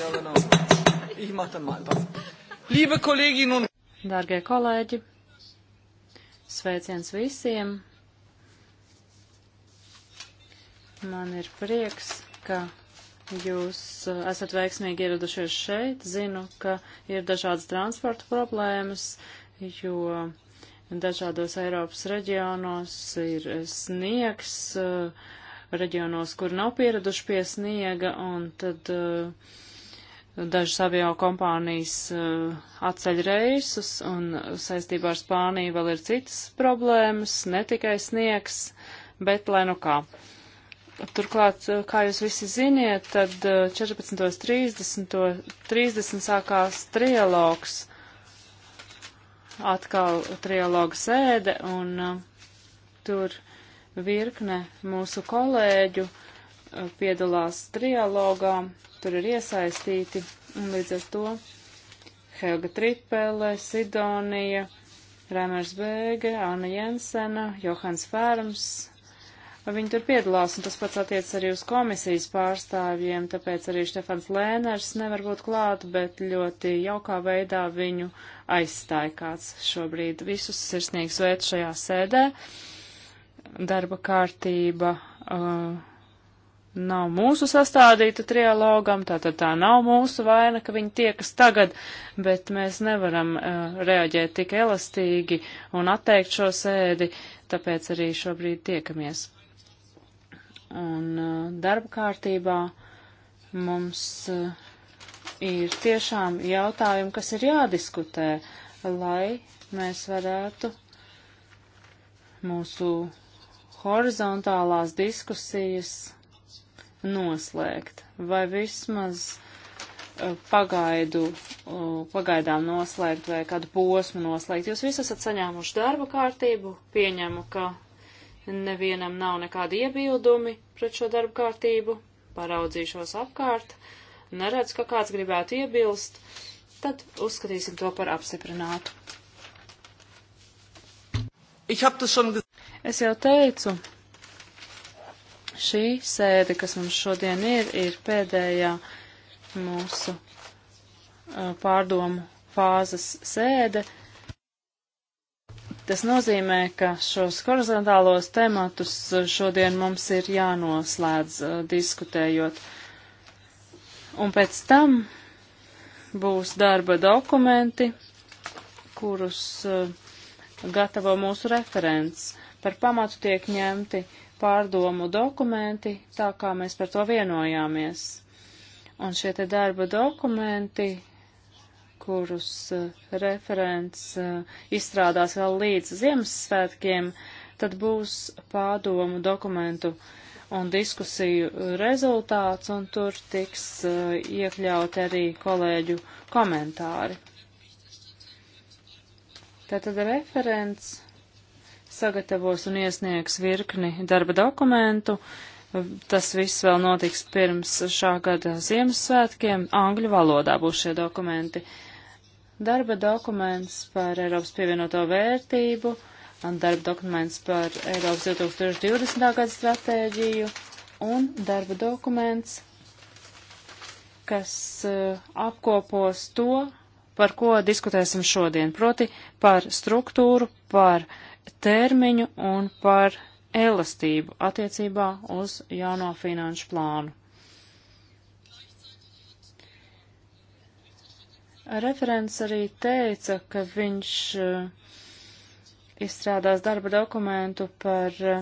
Ja, genau. Ich mache dann mal ein paar. Liebe Kolleginnen un... un... Dārgie kolēģi, sveiciens visiem. Man ir prieks, ka jūs uh, esat veiksmīgi ieradušies šeit. Zinu, ka ir dažādas transporta problēmas, jo dažādos Eiropas reģionos ir sniegs, uh, reģionos, kur nav pieraduši pie sniega, un tad uh, Dažas avio kompānijas eh, atceļ reisus, un saistībā ar Spāniju vēl ir citas problēmas, ne tikai sniegs, bet lai nu kā. Turklāt, eh, kā jūs visi ziniet, tad 14.30 eh, sākās trialogs, atkal trialoga sēde, un uh, tur virkne mūsu kolēģu uh, piedalās trialogā, tur ir iesaistīti, un līdz ar to Helga Tripele, Sidonija, Rēmērs Bēge, Anna Jensena, Johans Fērms, viņi tur piedalās, un tas pats attiec arī uz komisijas pārstāvjiem, tāpēc arī Štefans Lēners nevar būt klāt, bet ļoti jaukā veidā viņu aizstāja kāds šobrīd. Visus sirsnīgi sveicu šajā sēdē. Darba kārtība uh, nav mūsu sastādīta trialogam, tātad tā nav mūsu vaina, ka viņi tiekas tagad, bet mēs nevaram uh, reaģēt tik elastīgi un atteikt šo sēdi, tāpēc arī šobrīd tiekamies. Un uh, darba kārtībā mums uh, ir tiešām jautājumi, kas ir jādiskutē, lai mēs varētu mūsu horizontālās diskusijas noslēgt, vai vismaz eh, pagaidu, pagaidām noslēgt vai kādu posmu noslēgt. Jūs visi esat saņēmuši darba kārtību, pieņemu, ka nevienam nav nekādi iebildumi pret šo darba kārtību, paraudzīšos apkārt, neredz, ka kāds gribētu iebilst, tad uzskatīsim to par apstiprinātu. Es jau teicu, Šī sēde, kas mums šodien ir, ir pēdējā mūsu pārdomu fāzes sēde. Tas nozīmē, ka šos horizontālos tematus šodien mums ir jānoslēdz diskutējot. Un pēc tam būs darba dokumenti, kurus gatavo mūsu referents. Par pamatu tiek ņemti pārdomu dokumenti, tā kā mēs par to vienojāmies. Un šie te darba dokumenti, kurus uh, referents uh, izstrādās vēl līdz Ziemassvētkiem, tad būs pārdomu dokumentu un diskusiju rezultāts, un tur tiks uh, iekļaut arī kolēģu komentāri. Tātad referents sagatavos un iesniegs virkni darba dokumentu. Tas viss vēl notiks pirms šā gada Ziemassvētkiem. Angļu valodā būs šie dokumenti. Darba dokuments par Eiropas pievienoto vērtību, darba dokuments par Eiropas 2020. gada stratēģiju un darba dokuments, kas uh, apkopos to, par ko diskutēsim šodien, proti par struktūru, par uh, termiņu un par elastību attiecībā uz jauno finanšu plānu. Referents arī teica, ka viņš eh, izstrādās darba dokumentu par eh,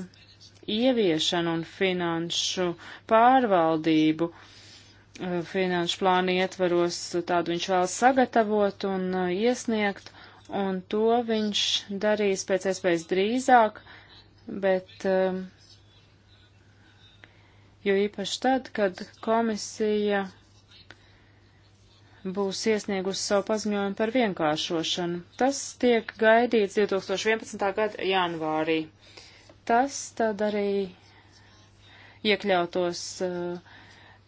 ieviešanu un finanšu pārvaldību. Eh, finanšu plānu ietvaros tādu viņš vēl sagatavot un iesniegt, un to viņš darīs pēc iespējas drīzāk, bet um, jo īpaši tad, kad komisija būs iesniegusi savu paziņojumu par vienkāršošanu. Tas tiek gaidīts 2011. gada janvārī. Tas tad arī iekļautos uh,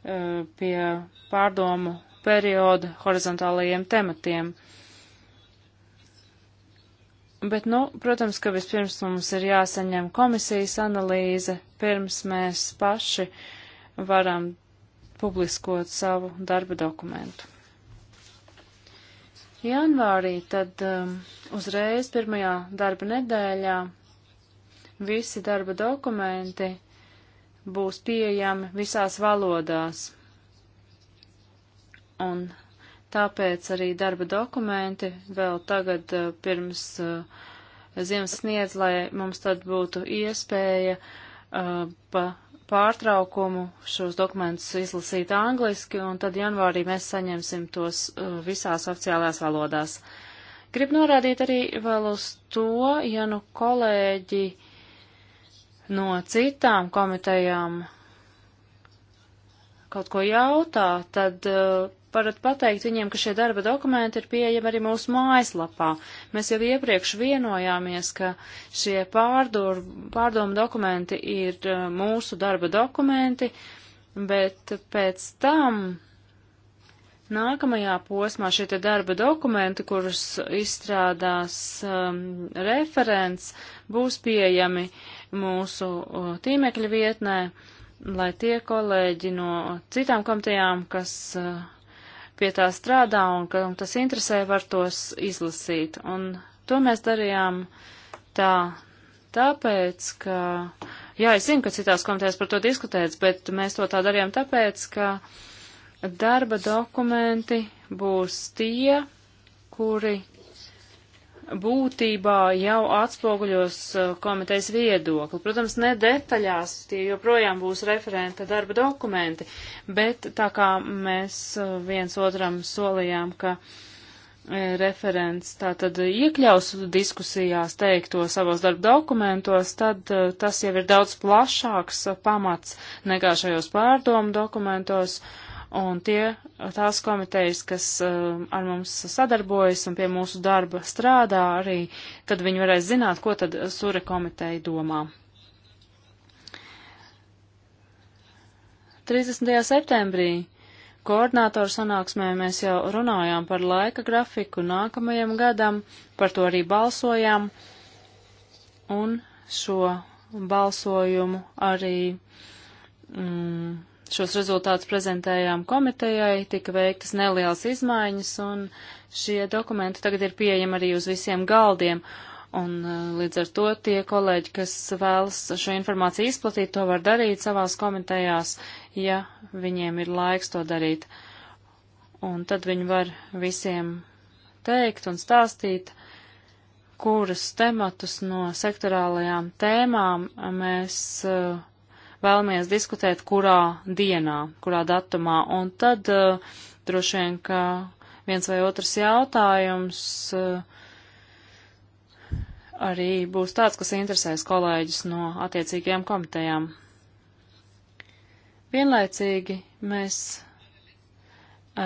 uh, pie pārdomu perioda horizontālajiem tematiem. Uh, Bet, nu, protams, ka vispirms mums ir jāsaņem komisijas analīze, pirms mēs paši varam publiskot savu darba dokumentu. Janvārī tad um, uzreiz pirmajā darba nedēļā visi darba dokumenti būs pieejami visās valodās. Un tāpēc arī darba dokumenti vēl tagad eh, pirms eh, ziemas sniedz, lai mums tad būtu iespēja eh, pa pārtraukumu šos dokumentus izlasīt angliski, un tad janvārī mēs saņemsim tos visās oficiālajās valodās. Gribu norādīt arī vēl uz to, ja nu kolēģi no citām komitejām kaut ko jautā, tad uh, varat pateikt viņiem, ka šie darba dokumenti ir pieejami arī mūsu mājaslapā. Mēs jau iepriekš vienojāmies, ka šie pārdur, pārdomu dokumenti ir eh, mūsu darba dokumenti, bet pēc tam nākamajā posmā šie te darba dokumenti, kurus izstrādās um, referents, būs pieejami mūsu uh, tīmekļa vietnē, lai tie kolēģi no citām komitejām, kas uh, pie tā strādā un ka un tas interesē, var tos izlasīt. Un to mēs darījām tā, tāpēc, ka, jā, es zinu, ka citās komitejās par to diskutēts, bet mēs to tā darījām tāpēc, ka darba dokumenti būs tie, kuri būtībā jau atspoguļos uh, komitejas viedokli. Protams, ne detaļās, tie joprojām būs referenta darba dokumenti, bet tā kā mēs uh, viens otram solījām, ka uh, referents tā tad iekļaus diskusijās teikto savos darba dokumentos, tad tas jau ir daudz plašāks pamats nekā šajos pārdomu dokumentos. Uh, un tie, tās komitejas, kas uh, ar mums sadarbojas un pie mūsu darba strādā arī, tad viņi varēs zināt, ko tad Sure komiteja domā. 30. septembrī koordinātoru sanāksmē mēs jau runājām par laika grafiku nākamajam gadam, par to arī balsojām, un šo balsojumu arī mm, Šos rezultātus prezentējām komitejai, tika veiktas nelielas izmaiņas, un šie dokumenti tagad ir pieejami arī uz visiem galdiem. Un uh, līdz ar to tie kolēģi, kas vēlas šo informāciju izplatīt, to var darīt savās komitejās, ja viņiem ir laiks to darīt. Un tad viņi var visiem teikt un stāstīt, kurus tematus no sektorālajām tēmām mēs uh, vēlamies diskutēt, kurā dienā, kurā datumā. Un tad uh, droši vien, ka viens vai otrs jautājums uh, arī būs tāds, kas interesēs kolēģis no attiecīgajām komitejām. Vienlaicīgi mēs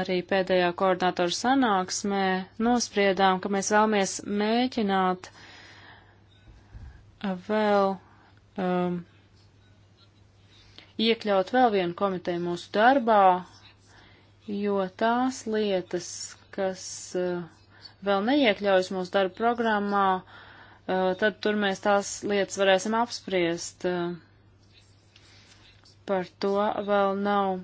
arī pēdējā koordinātora sanāksmē nospriedām, ka mēs vēlamies mēģināt eh, vēl um, iekļaut vēl vienu komiteju mūsu darbā, jo tās lietas, kas eh, vēl neiekļaujas mūsu darba programmā, eh, tad tur mēs tās lietas varēsim apspriest. Eh, par to vēl nav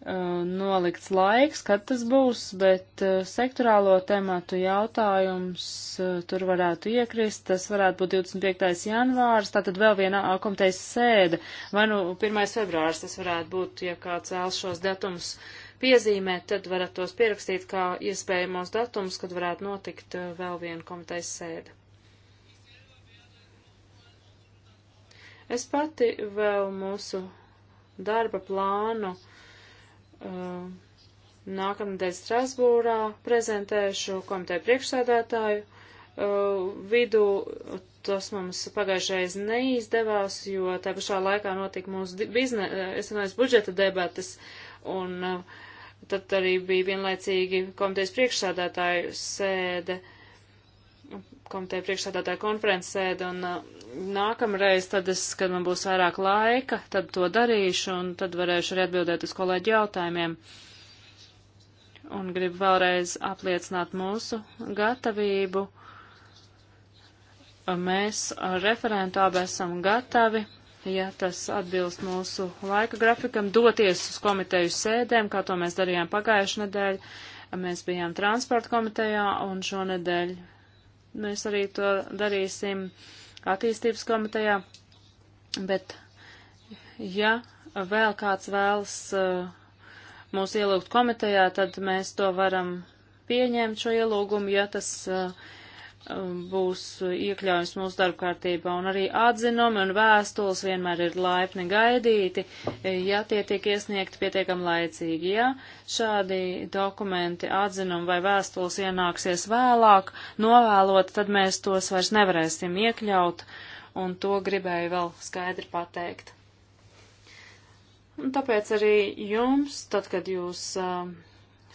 Uh, nolikts laiks, kad tas būs, bet uh, sektorālo tematu jautājums uh, tur varētu iekrist. Tas varētu būt 25. janvārs, tātad vēl viena komitejas sēde, vai nu 1. februārs tas varētu būt, ja kāds vēlas šos datumus piezīmēt, tad varat tos pierakstīt kā iespējamos datumus, kad varētu notikt vēl viena komitejas sēde. Es pati vēl mūsu darba plānu uh, Uh, nākamnedēļ Strasbūrā prezentēšu komiteju priekšsēdētāju uh, vidu. Tas mums pagājušais neizdevās, jo tā pašā laikā notika mūsu bizne, es eh, runāju, budžeta debatas, un uh, tad arī bija vienlaicīgi komitejas priekšsēdētāju sēde komiteja priekšsādātāja konferences sēda, un uh, nākamreiz, tad es, kad man būs vairāk laika, tad to darīšu, un tad varēšu arī atbildēt uz kolēģi jautājumiem. Un gribu vēlreiz apliecināt mūsu gatavību. Mēs referentu abi esam gatavi, ja tas atbilst mūsu laika grafikam, doties uz komiteju sēdēm, kā to mēs darījām pagājušajā nedēļā mēs bijām transporta komitejā un šonedēļ Mēs arī to darīsim attīstības komitejā, bet ja vēl kāds vēlas uh, mūs ielūgt komitejā, tad mēs to varam pieņemt šo ielūgumu, ja tas uh, Um, būs iekļaujams mūsu darbkārtībā, un arī atzinumi un vēstules vienmēr ir laipni gaidīti, e, ja tie tiek iesniegti pietiekam laicīgi. Ja šādi dokumenti, atzinumi vai vēstules ienāksies vēlāk, novēlot, tad mēs tos vairs nevarēsim iekļaut, un to gribēju vēl skaidri pateikt. Un tāpēc arī jums, tad, kad jūs uh,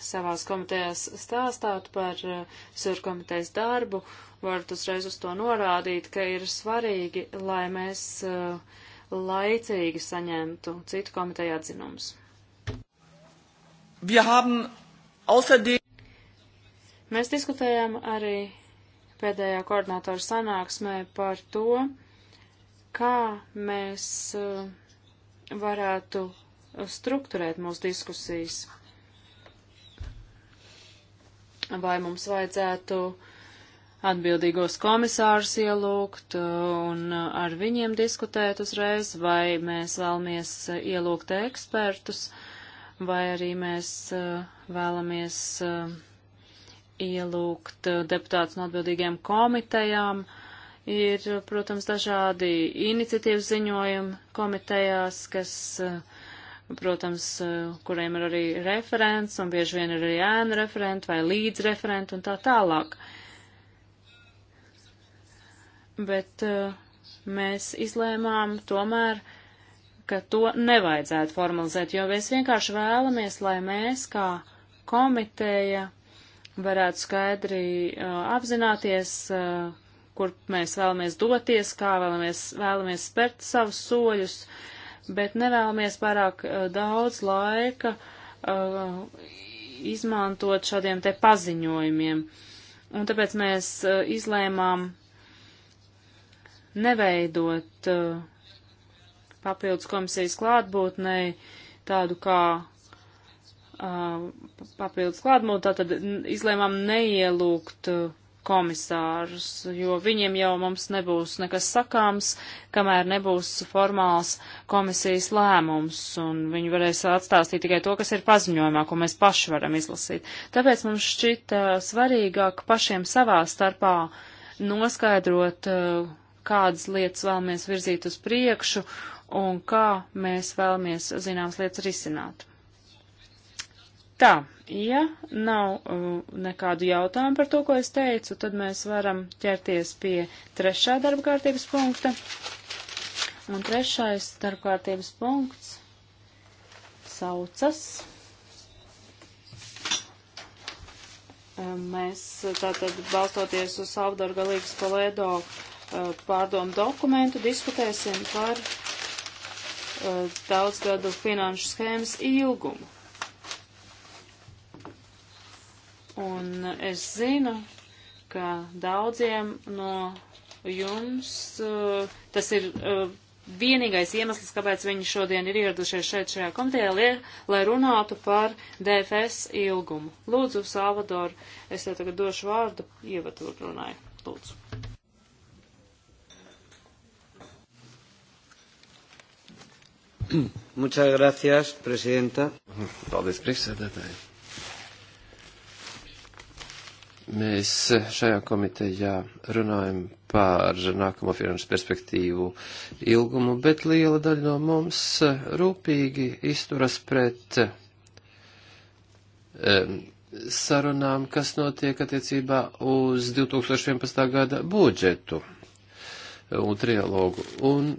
savās komitejās stāstāt par eh, surkomitejas darbu, varat uzreiz uz to norādīt, ka ir svarīgi, lai mēs eh, laicīgi saņemtu citu komiteju atzinumus. Mēs diskutējām arī pēdējā koordinātora sanāksmē par to, kā mēs eh, varētu strukturēt mūsu diskusijas vai mums vajadzētu atbildīgos komisārus ielūgt un ar viņiem diskutēt uzreiz, vai mēs vēlamies ielūgt ekspertus, vai arī mēs uh, vēlamies uh, ielūgt deputātus no atbildīgiem komitejām. Ir, protams, dažādi iniciatīvas ziņojumi komitejās, kas uh, protams, eh, kuriem ir arī referents, un bieži vien ir arī ēna referenti vai līdzreferenti un tā tālāk. Bet eh, mēs izlēmām tomēr, ka to nevajadzētu formalizēt, jo mēs vienkārši vēlamies, lai mēs kā komiteja varētu skaidri uh, apzināties, uh, kur mēs vēlamies doties, kā vēlamies, vēlamies spērt savus soļus, uh, bet nevēlamies pārāk eh, daudz laika uh, izmantot šādiem te paziņojumiem. Un tāpēc mēs uh, izlēmām neveidot uh, papildus komisijas klātbūtnei tādu kā papildus klātbūtni, tātad izlēmām neielūgt uh, komisārus, jo viņiem jau mums nebūs nekas sakāms, kamēr nebūs formāls komisijas lēmums, un viņi varēs atstāstīt tikai to, kas ir paziņojumā, ko mēs paši varam izlasīt. Tāpēc mums šķita svarīgāk pašiem savā starpā noskaidrot, eh, kādas lietas vēlamies virzīt uz priekšu un kā mēs vēlamies zināmas lietas risināt. Tā Ja nav uh, nekādu jautājumu par to, ko es teicu, tad mēs varam ķerties pie trešā darba kārtības punkta. Un trešais darba kārtības punkts saucas. Uh, mēs tātad balstoties uz Salvadoru Galīgas Palēdo uh, pārdomu dokumentu diskutēsim par daudzgadu finanšu schēmas ilgumu. Un es zinu, ka daudziem no jums uh, tas ir uh, vienīgais iemesls, kāpēc viņi šodien ir ieradušies šeit šajā komitejā, lai, lai runātu par DFS ilgumu. Lūdzu, Salvador, es tev tagad došu vārdu, ievadu runāju. Lūdzu. Muchas gracias, presidenta. Paldies, priekšsēdētāji. Mēs šajā komitejā runājam par nākamo finanšu perspektīvu ilgumu, bet liela daļa no mums rūpīgi izturas pret um, sarunām, kas notiek attiecībā uz 2011. gada budžetu un trialogu. Un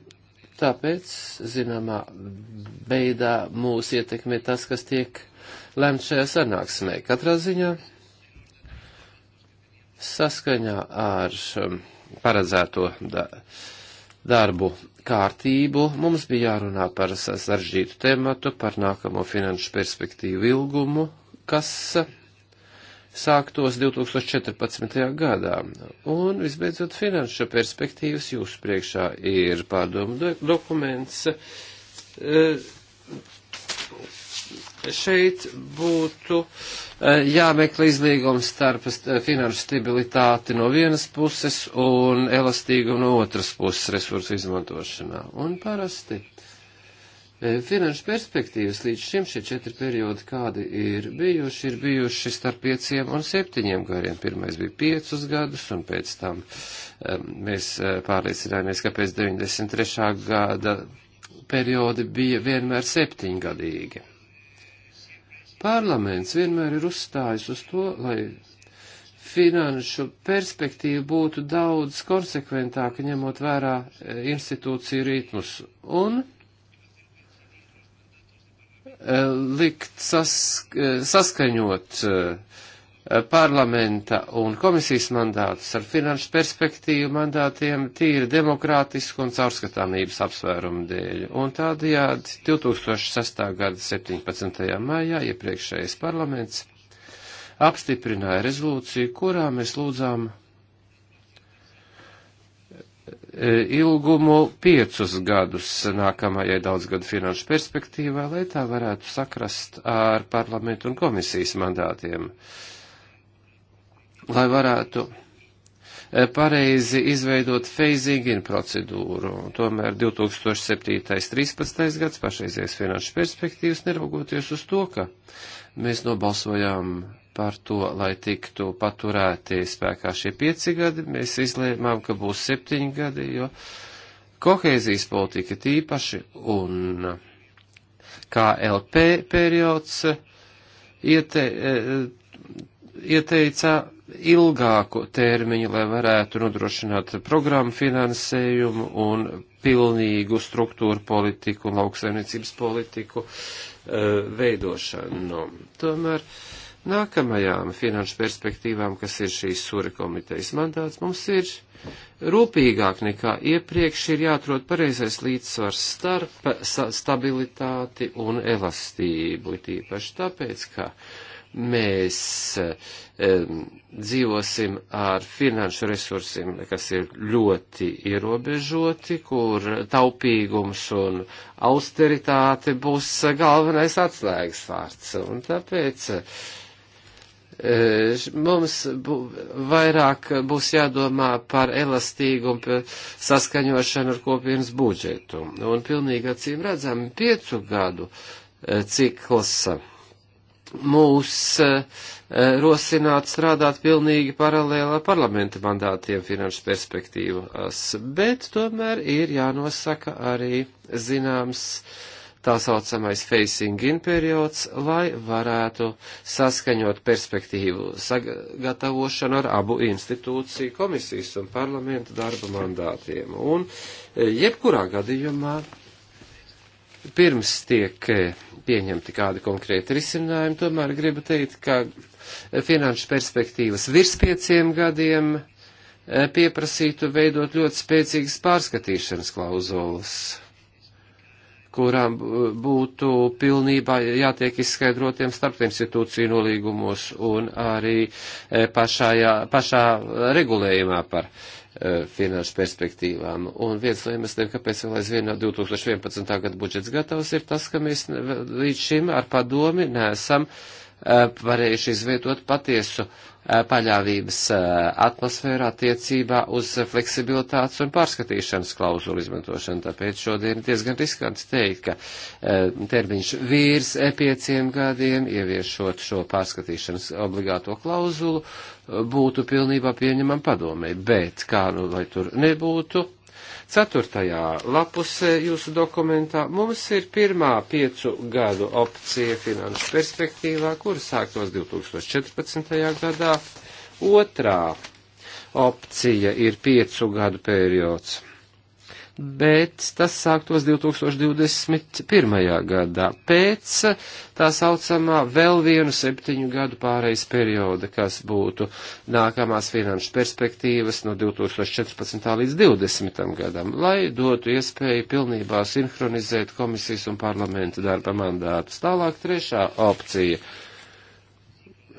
tāpēc, zināmā veidā, mūs ietekmē tas, kas tiek lemts šajā sanāksmē. Katrā ziņā Saskaņā ar um, paredzēto darbu kārtību mums bija jārunā par saržģītu tematu, par nākamo finanšu perspektīvu ilgumu, kas sāktos 2014. gadā. Un, visbeidzot, finanšu perspektīvas jūsu priekšā ir pārdomu dokuments, eh, šeit būtu eh, jāmeklē izlīgums starp eh, finanšu stabilitāti no vienas puses un elastīgumu no otras puses resursu izmantošanā. Un parasti eh, finanšu perspektīvas līdz šim šie četri periodi, kādi ir bijuši, ir bijuši starp pieciem un septiņiem gadiem. Pirmais bija piecus gadus, un pēc tam mēs pārliecinājāmies, ka pēc 93. gada periodi bija vienmēr septiņgadīgi. Parlaments vienmēr ir uzstājis uz to, lai finanšu perspektīva būtu daudz konsekventāka, ņemot vērā e, institūciju ritmus un e, likt sask e, saskaņot uh, Eh, parlamenta un komisijas mandātus ar finanšu perspektīvu mandātiem tīri demokrātisku un caurskatāmības apsvērumu dēļ. Un tādējādi 2006. gada 17. maijā iepriekšējais parlaments apstiprināja rezolūciju, kurā mēs lūdzām eh, ilgumu piecus gadus nākamajai daudzgadu finanšu perspektīvā, lai tā varētu sakrast ar parlamentu un komisijas mandātiem. Uh, lai varētu e, pareizi izveidot phasing-in procedūru. Tomēr 2007.13. gads pašreizies finanšu perspektīvas, neraugoties uz to, ka mēs nobalsojām par to, lai tiktu paturēti spēkā šie pieci gadi, mēs izlēmām, ka būs septiņi gadi, jo kohēzijas politika tīpaši un KLP periods iete, e, ieteica ilgāku termiņu, lai varētu nodrošināt programmu finansējumu un pilnīgu struktūru politiku un lauksaimniecības politiku eh, veidošanu. Tomēr nākamajām finanšu perspektīvām, kas ir šīs sura komitejas mandāts, mums ir rūpīgāk nekā iepriekš ir jāatrod pareizais līdzsvars starp stabilitāti un elastību, tīpaši tāpēc, ka uh, mēs um, dzīvosim ar finanšu resursiem, kas ir ļoti ierobežoti, kur taupīgums un austeritāte būs galvenais atslēgas vārds. Un tāpēc eh, mums bū, vairāk būs jādomā par elastīgumu, saskaņošanu ar kopienas budžetu. Un pilnīgi acīm redzam, piecu gadu eh, cikls mūs eh, eh, rosināt strādāt pilnīgi paralēlā parlamenta mandātiem finanšu perspektīvās, bet tomēr ir jānosaka arī zināms tā saucamais facing in periods, lai varētu saskaņot perspektīvu sagatavošanu ar abu institūciju komisijas un parlamenta darba mandātiem. Un eh, jebkurā gadījumā pirms tiek eh, pieņemti kādi konkrēti risinājumi, tomēr gribu teikt, ka eh, finanšu perspektīvas virs pieciem gadiem eh, pieprasītu veidot ļoti spēcīgas pārskatīšanas klauzulas, kurām būtu pilnībā jātiek izskaidrotiem starp institūciju nolīgumos un arī pašā, pašā regulējumā par Eh, finanšu perspektīvām. Un viens no iemesliem, kāpēc vēl aizvien 2011. gada budžets gatavs, ir tas, ka mēs līdz šim ar padomi nesam eh, varējuši izvietot patiesu Eh, paļāvības eh, atmosfērā attiecībā uz fleksibilitātes un pārskatīšanas klauzulu izmantošanu. Tāpēc šodien ir diezgan riskants teikt, ka eh, termiņš vīrs pieciem gadiem, ieviešot šo pārskatīšanas obligāto klauzulu, būtu pilnībā pieņemam padomē. Bet kā nu lai tur nebūtu, Ceturtajā lapusē jūsu dokumentā mums ir pirmā piecu gadu opcija finanšu perspektīvā, kura sāktos 2014. gadā. Otrā opcija ir piecu gadu periods bet tas sāktos 2021. gadā, pēc tā saucamā vēl vienu septiņu gadu pārejas perioda, kas būtu nākamās finanšu perspektīvas no 2014. līdz 2020. gadam, lai dotu iespēju pilnībā sinhronizēt komisijas un parlamenta darba mandātus. Tālāk trešā opcija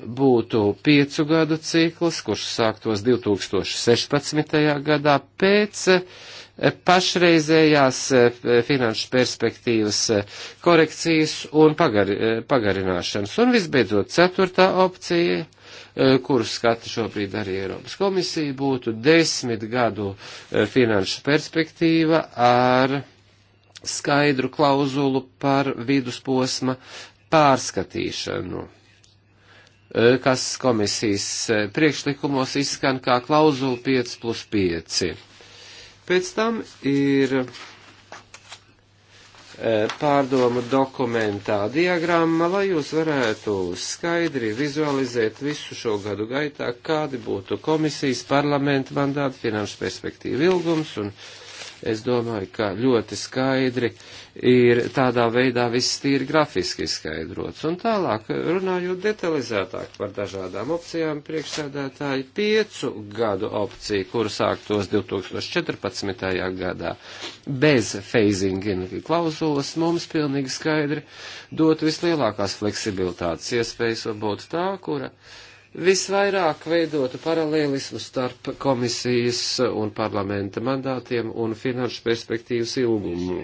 būtu piecu gadu cikls, kurš sāktos 2016. gadā pēc pašreizējās e, finanšu perspektīvas e, korekcijas un pagar, e, pagarināšanas. Un visbeidzot, ceturtā opcija, kuru skata šobrīd arī Eiropas komisija, būtu desmit gadu finanšu perspektīva ar skaidru klauzulu par vidusposma pārskatīšanu kas komisijas priekšlikumos izskan kā klauzula 5 plus 5. Pēc tam ir e, pārdomu dokumentā diagramma, lai jūs varētu skaidri vizualizēt visu šo gadu gaitā, kādi būtu komisijas parlamenta mandāti, finanšu perspektīvu ilgums un uh, Es domāju, ka ļoti skaidri ir tādā veidā viss tīri grafiski izskaidrots. Un tālāk, runājot detalizētāk par dažādām opcijām, priekšsēdētāji piecu gadu opciju, kuru sāktos 2014. gadā, bez phasing-in klauzulas, mums pilnīgi skaidri dot vislielākās fleksibilitātes iespējas un būtu tā, kura visvairāk veidotu paralēlismu starp komisijas un parlamenta mandātiem un finanšu perspektīvas ilgumu.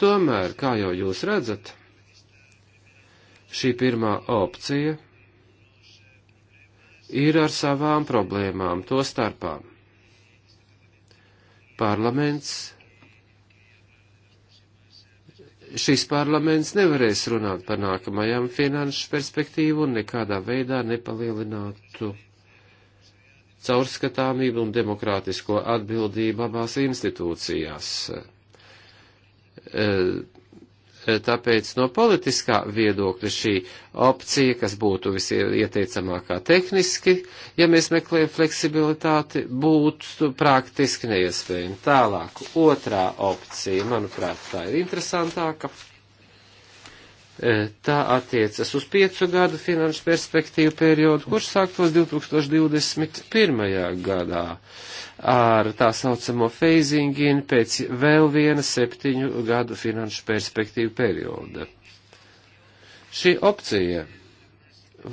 Tomēr, kā jau jūs redzat, šī pirmā opcija ir ar savām problēmām to starpā. Parlaments šīs parlaments nevarēs runāt par nākamajām finanšu perspektīvu un nekādā veidā nepalielinātu caurskatāmību un demokrātisko atbildību abās institūcijās. E, Eh, tāpēc no politiskā viedokļa šī opcija, kas būtu visieteicamākā tehniski, ja mēs meklējam fleksibilitāti, būtu praktiski neiespējama. Tālāk, otrā opcija, manuprāt, tā ir interesantāka. E, tā attiecas uz piecu gadu finanšu perspektīvu periodu, kurš sāktos 2021. gadā ar tā saucamo phasing in pēc vēl viena septiņu gadu finanšu perspektīvu perioda. Šī opcija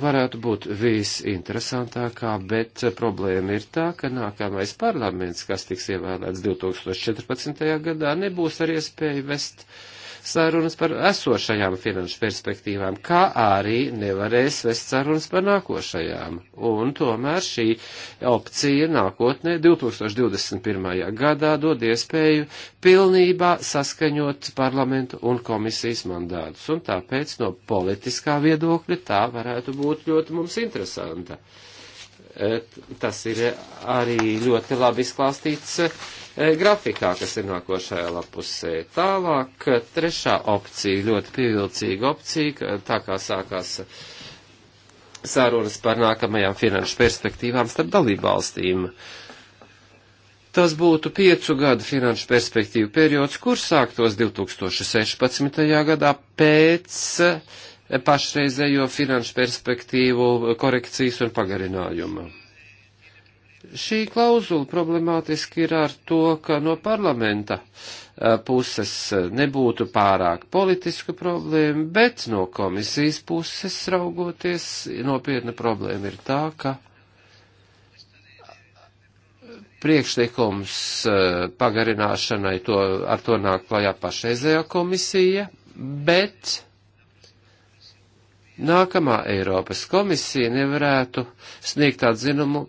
varētu būt visinteresantākā, bet problēma ir tā, ka nākamais parlaments, kas tiks ievēlēts 2014. gadā, nebūs ar iespēju vest uh, sarunas par esošajām finanšu perspektīvām, kā arī nevarēs vest sarunas par nākošajām. Un tomēr šī opcija nākotnē 2021. gadā dod iespēju pilnībā saskaņot parlamentu un komisijas mandātus. Un tāpēc no politiskā viedokļa tā varētu būt ļoti mums interesanta tas ir arī ļoti labi izklāstīts E, grafikā, kas ir nākošajā lapusē. Tālāk, trešā opcija, ļoti pievilcīga opcija, tā kā sākās sārunas par nākamajām finanšu perspektīvām starp dalībvalstīm. Tas būtu piecu gadu finanšu perspektīvu periods, kurš sāktos 2016. gadā pēc pašreizējo finanšu perspektīvu korekcijas un pagarinājuma. Šī klauzula problemātiski ir ar to, ka no parlamenta eh, puses eh, nebūtu pārāk politisku problēmu, bet no komisijas puses raugoties nopietna problēma ir tā, ka priekšlikums eh, pagarināšanai to, ar to nāk klajā pašreizējā komisija, bet nākamā Eiropas komisija nevarētu sniegt atzinumu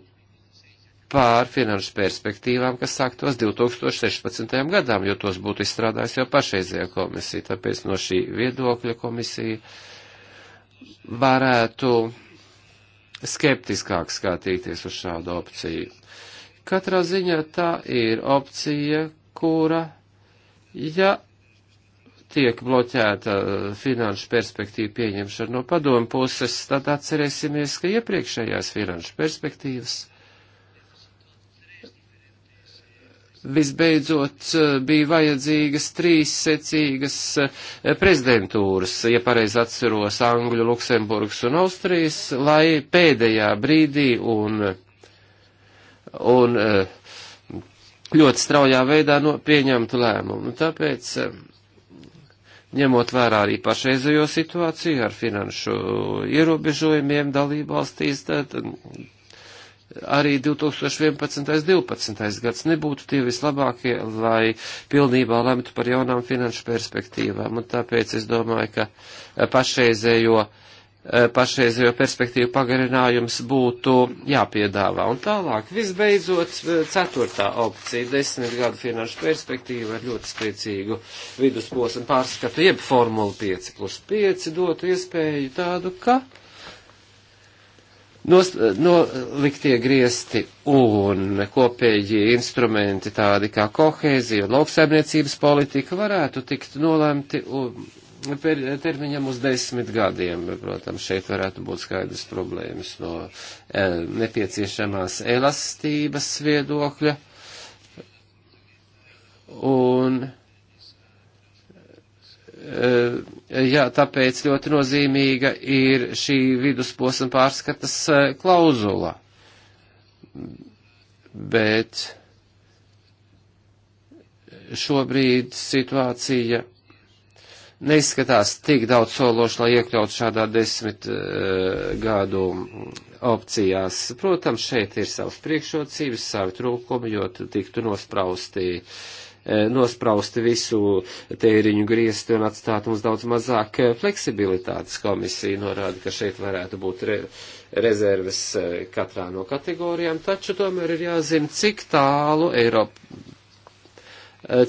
pār finanšu perspektīvām, kas sāktos 2016. gadām, jo tos būtu izstrādājis jau pašreizējā komisija. Tāpēc no šī viedokļa komisija varētu skeptiskāk skatīties uz šādu opciju. Katrā ziņā tā ir opcija, kura, ja tiek bloķēta finanšu perspektīva pieņemšana no padomu puses, tad atcerēsimies, ka iepriekšējās finanšu perspektīvas visbeidzot eh, bija vajadzīgas trīs secīgas eh, prezidentūras, ja pareizi atceros Angļu, Luksemburgas un Austrijas, lai pēdējā brīdī un, un eh, ļoti straujā veidā no, pieņemtu lēmumu. Nu, tāpēc, ņemot vērā arī pašreizējo situāciju ar finanšu ierobežojumiem dalībvalstīs, tad arī 2011. 12. gads nebūtu tie vislabākie, lai pilnībā lemtu par jaunām finanšu perspektīvām. Un tāpēc es domāju, ka eh, pašreizējo, eh, pašreizējo perspektīvu pagarinājums būtu jāpiedāvā. Un tālāk, visbeidzot, eh, ceturtā opcija - desmit gadu finanšu perspektīva ar ļoti spēcīgu vidusposmu pārskatu, jeb formulu 5 plus 5 dotu iespēju tādu, ka Nos, noliktie griesti un kopējie instrumenti tādi kā kohēzija un lauksaimniecības politika varētu tikt nolemti termiņam uz desmit gadiem. Protams, šeit varētu būt skaidrs problēmas no e, nepieciešamās elastības viedokļa. Un Eh, jā, tāpēc ļoti nozīmīga ir šī vidusposma pārskatas eh, klauzula. Bet šobrīd situācija neizskatās tik daudz sološi, lai iekļaut šādā desmit uh, gadu opcijās. Protams, šeit ir savas priekšrocības, savi trūkumi, jo tiktu nospraustī uh, E, nosprausti visu tēriņu griezti un atstāt mums daudz mazāk e, fleksibilitātes. Komisija norāda, ka šeit varētu būt re rezerves e, katrā no kategorijām, taču tomēr ir jāzina, cik tālu Eiropa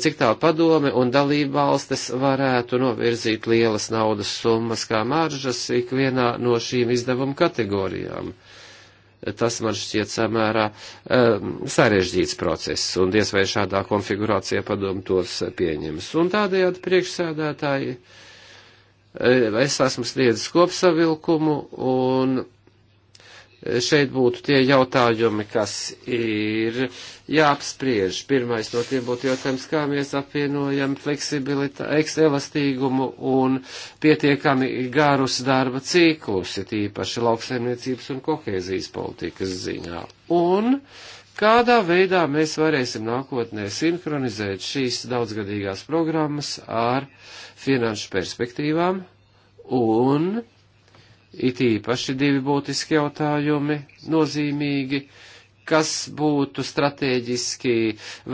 cik tālu padome un dalība valstis varētu novirzīt lielas naudas summas kā maržas ikvienā no šīm izdevuma kategorijām tas man šķiet samērā um, sarežģīts process, un diez vai šādā konfigurācijā padomu tos pieņems. Un tādējādi priekšsēdētāji, eh, es esmu sniedzis kopsavilkumu, un Šeit būtu tie jautājumi, kas ir jāapspriež. Pirmais no tiem būtu jautājums, kā mēs apvienojam fleksibilitāti, elastīgumu un pietiekami garus darba ciklus, ir īpaši lauksaimniecības un kohēzijas politikas ziņā. Un kādā veidā mēs varēsim nākotnē sinhronizēt šīs daudzgadīgās programmas ar finanšu perspektīvām un It īpaši divi būtiski jautājumi nozīmīgi, kas būtu strateģiski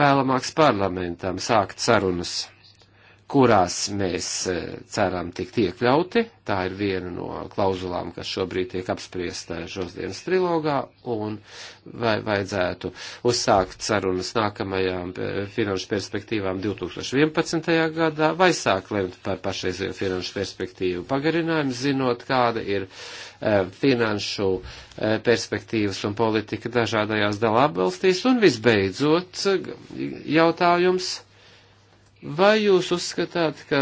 vēlamāks parlamentam sākt sarunas kurās mēs e, ceram tikt iekļauti. Tā ir viena no klauzulām, kas šobrīd tiek apspriesta šos dienas trilogā, un vai vajadzētu uzsākt sarunas nākamajām e, finanšu perspektīvām 2011. gadā, vai sākt lemt par pašreizējo finanšu perspektīvu pagarinājumu, zinot, kāda ir e, finanšu perspektīvas un politika dažādajās dalībvalstīs, un visbeidzot jautājums Vai jūs uzskatāt, ka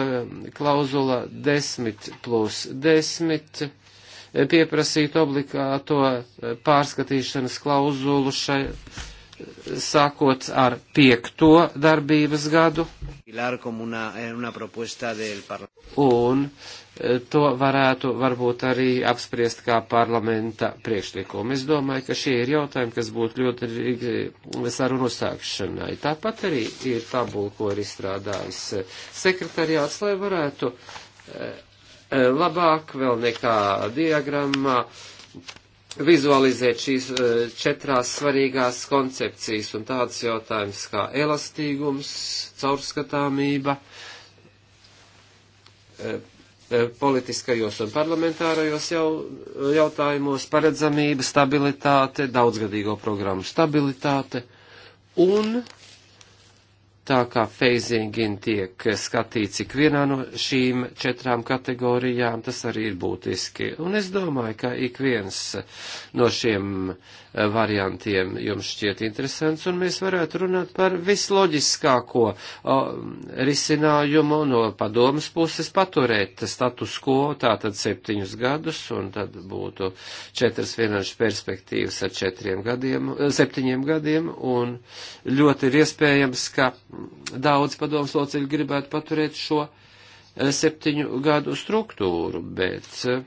klauzula 10 plus 10 eh, pieprasīt obligāto eh, pārskatīšanas klauzulu šai? sākot ar piekto darbības gadu. Eh, Un eh, to varētu varbūt arī apspriest kā parlamenta priekšlikumu. Es domāju, ka šie ir jautājumi, kas būtu ļoti sarunu sākšanai. Tāpat arī ir tabula, ko ir izstrādājis eh, sekretariāts, lai varētu labāk vēl nekā diagrammā vizualizēt šīs eh, četrās svarīgās koncepcijas un tādas jautājumas kā elastīgums, caurskatāmība, eh, eh, politiskajos un parlamentārajos jau, jautājumos paredzamība, stabilitāte, daudzgadīgo programmu stabilitāte un tā kā phasing in tiek skatīts ik vienā no šīm četrām kategorijām, tas arī ir būtiski. Un es domāju, ka ik viens no šiem eh, variantiem jums šķiet interesants, un mēs varētu runāt par visloģiskāko o, risinājumu no padomas puses paturēt status quo, tātad septiņus gadus, un tad būtu četras finanšu perspektīvas ar četriem gadiem, septiņiem gadiem, un ļoti ir iespējams, ka daudz padomas locekļi gribētu paturēt šo eh, septiņu gadu struktūru, bet eh,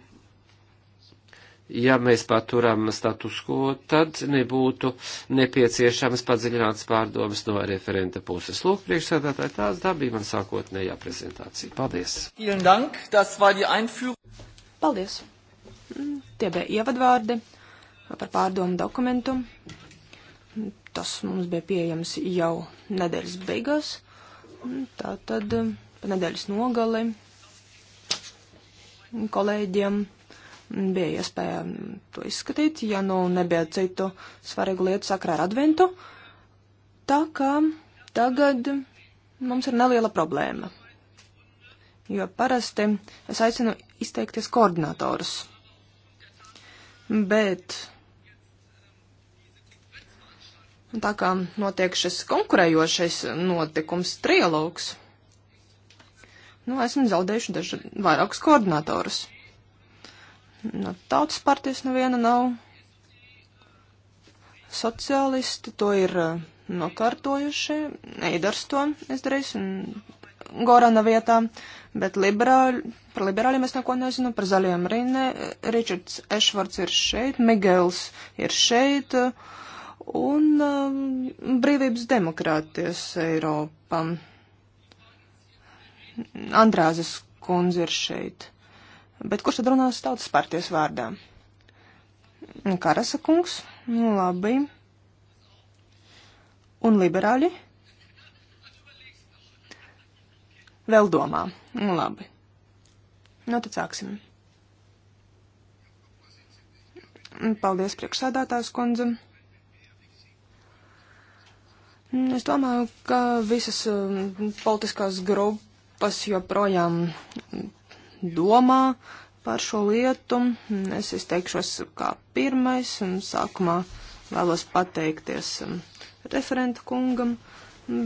ja mēs paturam status quo, tad nebūtu nepieciešams padziļināts pārdomas no referenta puses. Lūk, priekšsēdētāji, tās tā bija man sākotnējā prezentācija. Paldies! Paldies! Tie bija ievadvārdi par pārdomu dokumentu tas mums bija pieejams jau nedēļas beigās. Tā tad um, pa nedēļas nogali kolēģiem bija iespēja um, to izskatīt, ja nu nebija citu svarīgu lietu sakrā ar adventu. Tā kā tagad mums ir neliela problēma, jo parasti es aicinu izteikties koordinatorus. Bet Un tā kā notiek šis konkurējošais notikums, trialogs, nu, esam zaudējuši daži vairākus koordinatorus. No nu, tautas partijas neviena nav. Sociālisti to ir eh, nokārtojuši, Eidars to izdarījis, un Gorana vietā, bet liberāļi, par liberāļiem es neko nezinu, par zaļiem arī ne. Ričards Ešvarts ir šeit, Migels ir šeit. Uh, un um, brīvības demokrātijas Eiropā. Andrāzes kundze ir šeit. Bet kurš tad runās tautas partijas vārdā? Karasa kungs, nu labi. Un liberāļi? Vēl domā. Nu labi. Nu tad sāksim. Paldies priekšsādātājs kundze. Mm, es domāju, ka visas um, politiskās grupas joprojām domā par šo lietu. Es izteikšos kā pirmais un sākumā vēlos pateikties um, referenta kungam,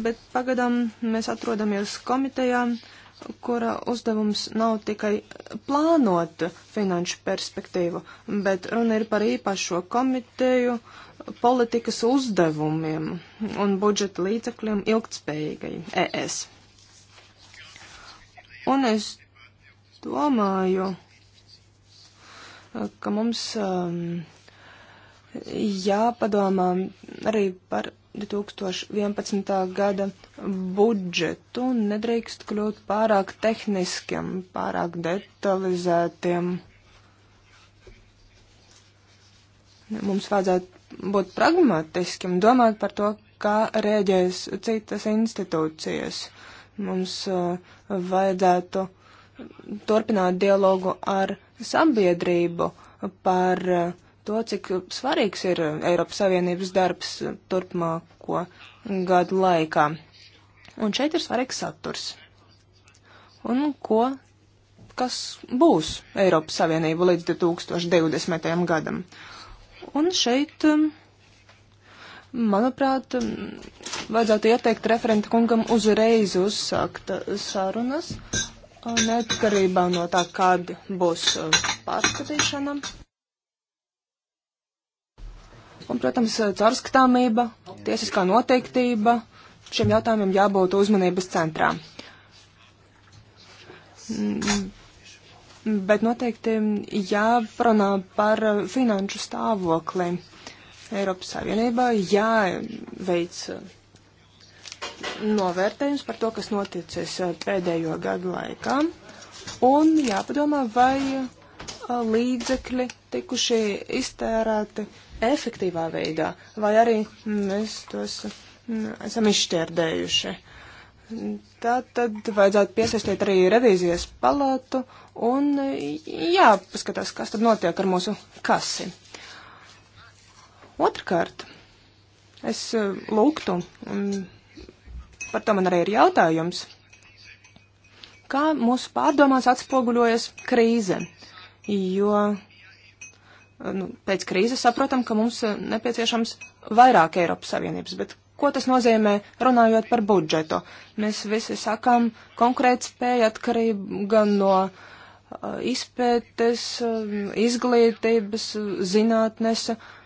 bet pagadam mēs atrodamies komitejā, uh, kura uzdevums nav tikai plānot finanšu perspektīvu, bet runa ir par īpašo komiteju politikas uzdevumiem un budžeta līdzekļiem ilgtspējīgai ES. Un es domāju, ka mums um, jāpadomā arī par 2011. gada budžetu un nedrīkst kļūt pārāk tehniskiem, pārāk detalizētiem. Mums vajadzētu būt pragmatiskiem, domāt par to, kā rēģēs citas institūcijas. Mums uh, vajadzētu turpināt dialogu ar sabiedrību par uh, to, cik svarīgs ir Eiropas Savienības darbs turpmāko gadu laikā. Un šeit ir svarīgs saturs. Un ko, kas būs Eiropas Savienība līdz 2020. gadam. Un šeit, um, manuprāt, um, vajadzētu ieteikt referenta kungam uzreiz uzsākt uh, sarunas, neatkarībā no tā, kāda būs uh, pārskatīšana Un, protams, caurskatāmība, tiesiskā noteiktība šiem jautājumiem jābūt uzmanības centrā. Mm, bet noteikti jāprunā par finanšu stāvokli Eiropas Savienībā, jāveic novērtējums par to, kas noticis pēdējo gadu laikā, un jāpadomā, vai līdzekļi tikuši iztērēti uh, efektīvā veidā, vai arī mēs tos mm, esam izšķērdējuši. Tā tad vajadzētu piesaistīt arī revīzijas palātu un jāpaskatās, kas tad notiek ar mūsu kasi. Otrkārt, es eh, lūgtu, un mm, par to man arī ir jautājums, kā mūsu pārdomās atspoguļojas krīze, jo nu, pēc krīzes saprotam, ka mums eh, nepieciešams vairāk Eiropas Savienības, bet ko tas nozīmē runājot par budžetu? Mēs visi sakām, konkrēt spēja atkarība gan no uh, izpētes, uh, izglītības, uh, zinātnes. Uh,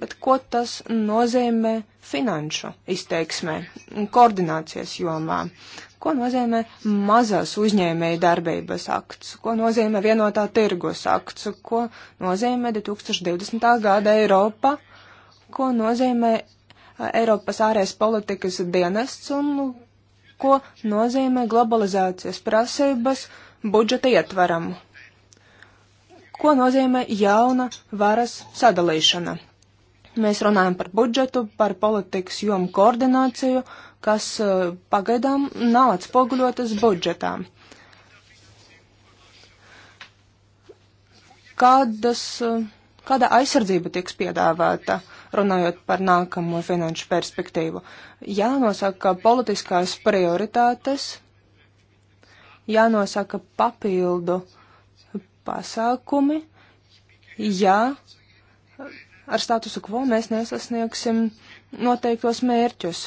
bet ko tas nozīmē finanšu izteiksmē, koordinācijas jomā? Ko nozīmē mazās uzņēmēja darbības akts? Ko nozīmē vienotā tirgus akts? Ko nozīmē 2020. gada Eiropa? Ko nozīmē Eiropas ārējas politikas dienests un ko nozīmē globalizācijas prasības budžeta ietvaram? Ko nozīmē jauna varas sadalīšana? Mēs runājam par budžetu, par politikas jomu koordināciju, kas eh, pagaidām nav atspoguļotas budžetā. Kādas, eh, kāda aizsardzība tiks piedāvāta, runājot par nākamo finanšu perspektīvu? Jānosaka politiskās prioritātes, jānosaka papildu pasākumi, jā. Ja ar statusu quo mēs nesasniegsim noteiktos mērķus.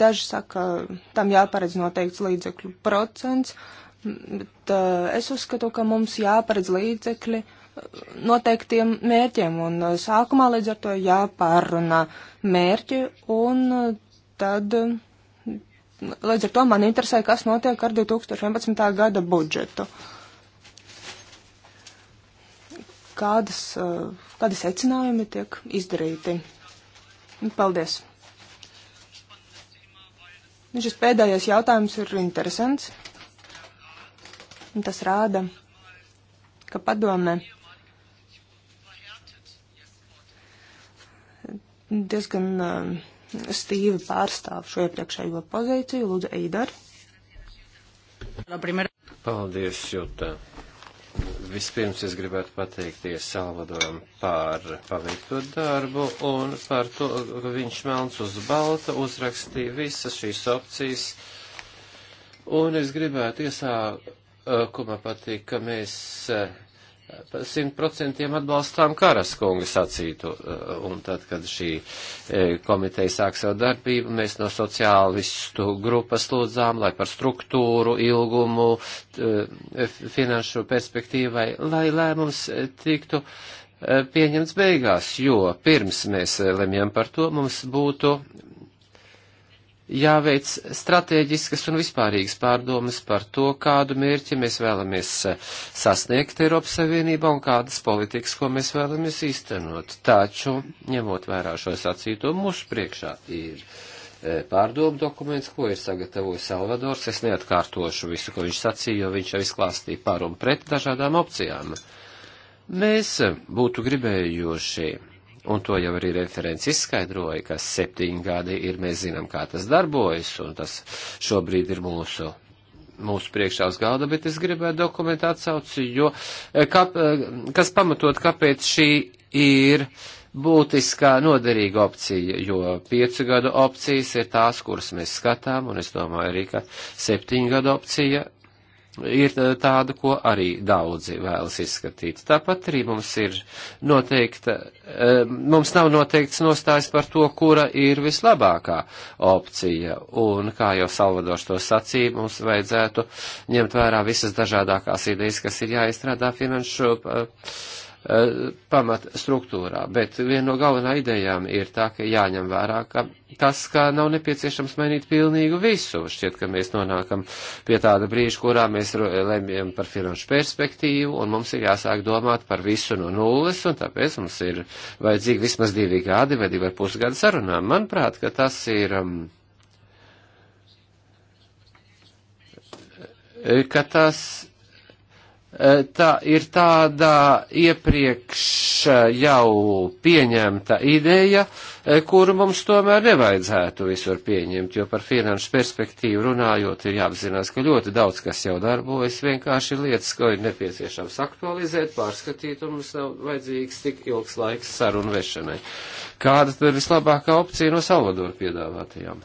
Daži saka, tam jāparedz noteikts līdzekļu procents, bet uh, es uzskatu, ka mums jāparedz līdzekļi noteiktiem mērķiem, un uh, sākumā līdz ar to jāpārunā mērķi, un uh, tad uh, līdz ar to man interesē, kas notiek ar 2011. gada budžetu. Uh, kādas, uh, kādi secinājumi tiek izdarīti. Nu, paldies! Nu, šis pēdējais jautājums ir interesants. Tas rāda, ka padomē diezgan uh, stīvi pārstāv šo iepriekšējo pozīciju. Lūdzu, Eidar. Paldies, Jūtā. Vispirms es gribētu pateikties Salvadoram par paveikto darbu un par to, ka viņš melns uz balta uzrakstīja visas šīs opcijas. Un es gribētu iesākumā pateikt, ka mēs par simt procentiem atbalstām Karaskunga sacītu. Eh, un tad, kad šī eh, komiteja sāk savu darbību, mēs no sociālistu grupas lūdzām, lai par struktūru, ilgumu, eh, finanšu perspektīvai, lai lēmums tiktu pieņemts beigās, jo pirms mēs lemjam par to, mums būtu jāveic strateģiskas un vispārīgas pārdomas par to, kādu mērķi mēs vēlamies eh, sasniegt Eiropas Savienībā un kādas politikas, ko mēs vēlamies īstenot. Taču, ņemot vērā šo sacīto, mūsu priekšā ir eh, pārdomu dokuments, ko ir sagatavojis Salvadors. Es neatkārtošu visu, ko viņš sacīja, jo viņš jau izklāstīja par un pret dažādām opcijām. Mēs eh, būtu gribējuši un to jau arī referents izskaidroja, ka septiņi gadi ir, mēs zinām, kā tas darbojas, un tas šobrīd ir mūsu, mūsu priekšā uz galda, bet es gribētu dokumentu atsauci, jo eh, kā, eh, kas pamatot, kāpēc šī ir būtiskā noderīga opcija, jo piecu gadu opcijas ir tās, kuras mēs skatām, un es domāju arī, ka septiņu gadu opcija ir eh, tāda, ko arī daudzi vēlas izskatīt. Tāpat arī mums ir noteikta, eh, mums nav noteikts nostājs par to, kura ir vislabākā opcija. Un, kā jau Salvadors to sacīja, mums vajadzētu ņemt vērā visas dažādākās idejas, kas ir jāizstrādā finanšu eh, Eh, pamat struktūrā, bet viena no galvenā idejām ir tā, ka jāņem vērā, ka tas, kā nav nepieciešams mainīt pilnīgu visu, šķiet, ka mēs nonākam pie tāda brīža, kurā mēs lemjam par finanšu perspektīvu, un mums ir jāsāk domāt par visu no nulles, un tāpēc mums ir vajadzīgi vismaz divi gadi vai divi ar pusgadu sarunām. Manuprāt, ka tas ir. Um, eh, ka tas Eh, tā ir tāda iepriekš eh, jau pieņemta ideja, eh, kuru mums tomēr nevajadzētu visur pieņemt, jo par finanšu perspektīvu runājot ir jāapzinās, ka ļoti daudz kas jau darbojas, vienkārši lietas, ko ir nepieciešams aktualizēt, pārskatīt, un mums nav vajadzīgs tik ilgs laiks sarunu vešanai. Kāda tad ir vislabākā opcija no Salvadora piedāvātajām?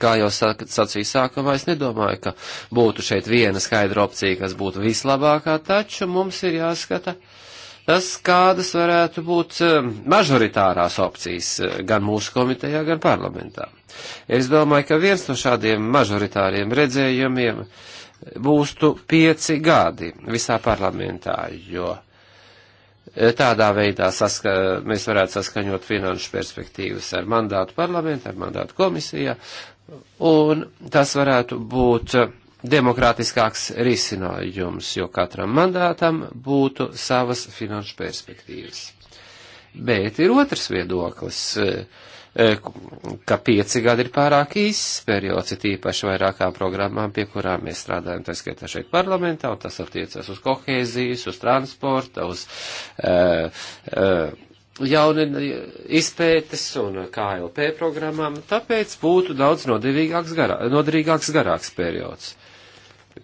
kā jau sacīju sākumā, es nedomāju, ka būtu šeit viena skaidra opcija, kas būtu vislabākā, taču mums ir jāskata tas, kādas varētu būt um, mažoritārās opcijas uh, gan mūsu komitejā, gan parlamentā. Es domāju, ka viens no šādiem mažoritāriem redzējumiem būtu pieci gadi visā parlamentā, jo uh, tādā veidā saska, mēs varētu saskaņot finanšu perspektīvas ar mandātu parlamentu, ar mandātu komisijā, un tas varētu būt demokrātiskāks risinājums, jo katram mandātam būtu savas finanšu perspektīvas. Bet ir otrs viedoklis, e, ka pieci gadi ir pārāk īss periods, ir tīpaši vairākām programmām, pie kurām mēs strādājam, tā skaitā šeit parlamentā, un tas attiecas uz kohēzijas, uz transporta, uz uh, uh, jauni izpētes un KLP programmām, tāpēc būtu daudz noderīgāks, garā, noderīgāks garāks periods,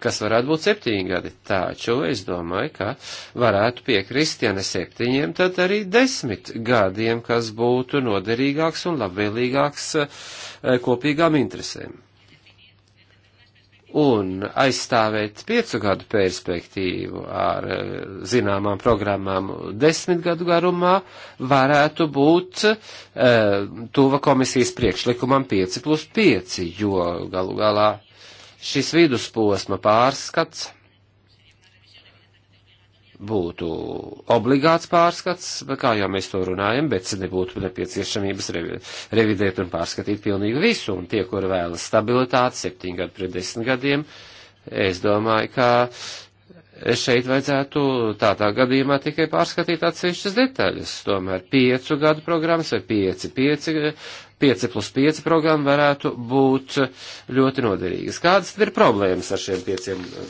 kas varētu būt septiņi gadi. Taču es domāju, ka varētu piekrist, ja ne septiņiem, tad arī desmit gadiem, kas būtu noderīgāks un labvēlīgāks eh, kopīgām interesēm un aizstāvēt piecu gadu perspektīvu ar eh, zināmām programmām desmit gadu garumā varētu būt e, tuva komisijas priekšlikumam 5 plus 5, jo galu galā šis vidusposma pārskats būtu obligāts pārskats, kā jau mēs to runājam, bet nebūtu nepieciešamības revi revidēt un pārskatīt pilnīgi visu, un tie, kur vēlas stabilitāti septiņu gadu pret desmit gadiem, es domāju, ka šeit vajadzētu tādā gadījumā tikai pārskatīt atsevišķas detaļas, tomēr piecu gadu programmas vai pieci, pieci 5 plus 5 programma varētu būt ļoti noderīgas. Kādas ir problēmas ar šiem 5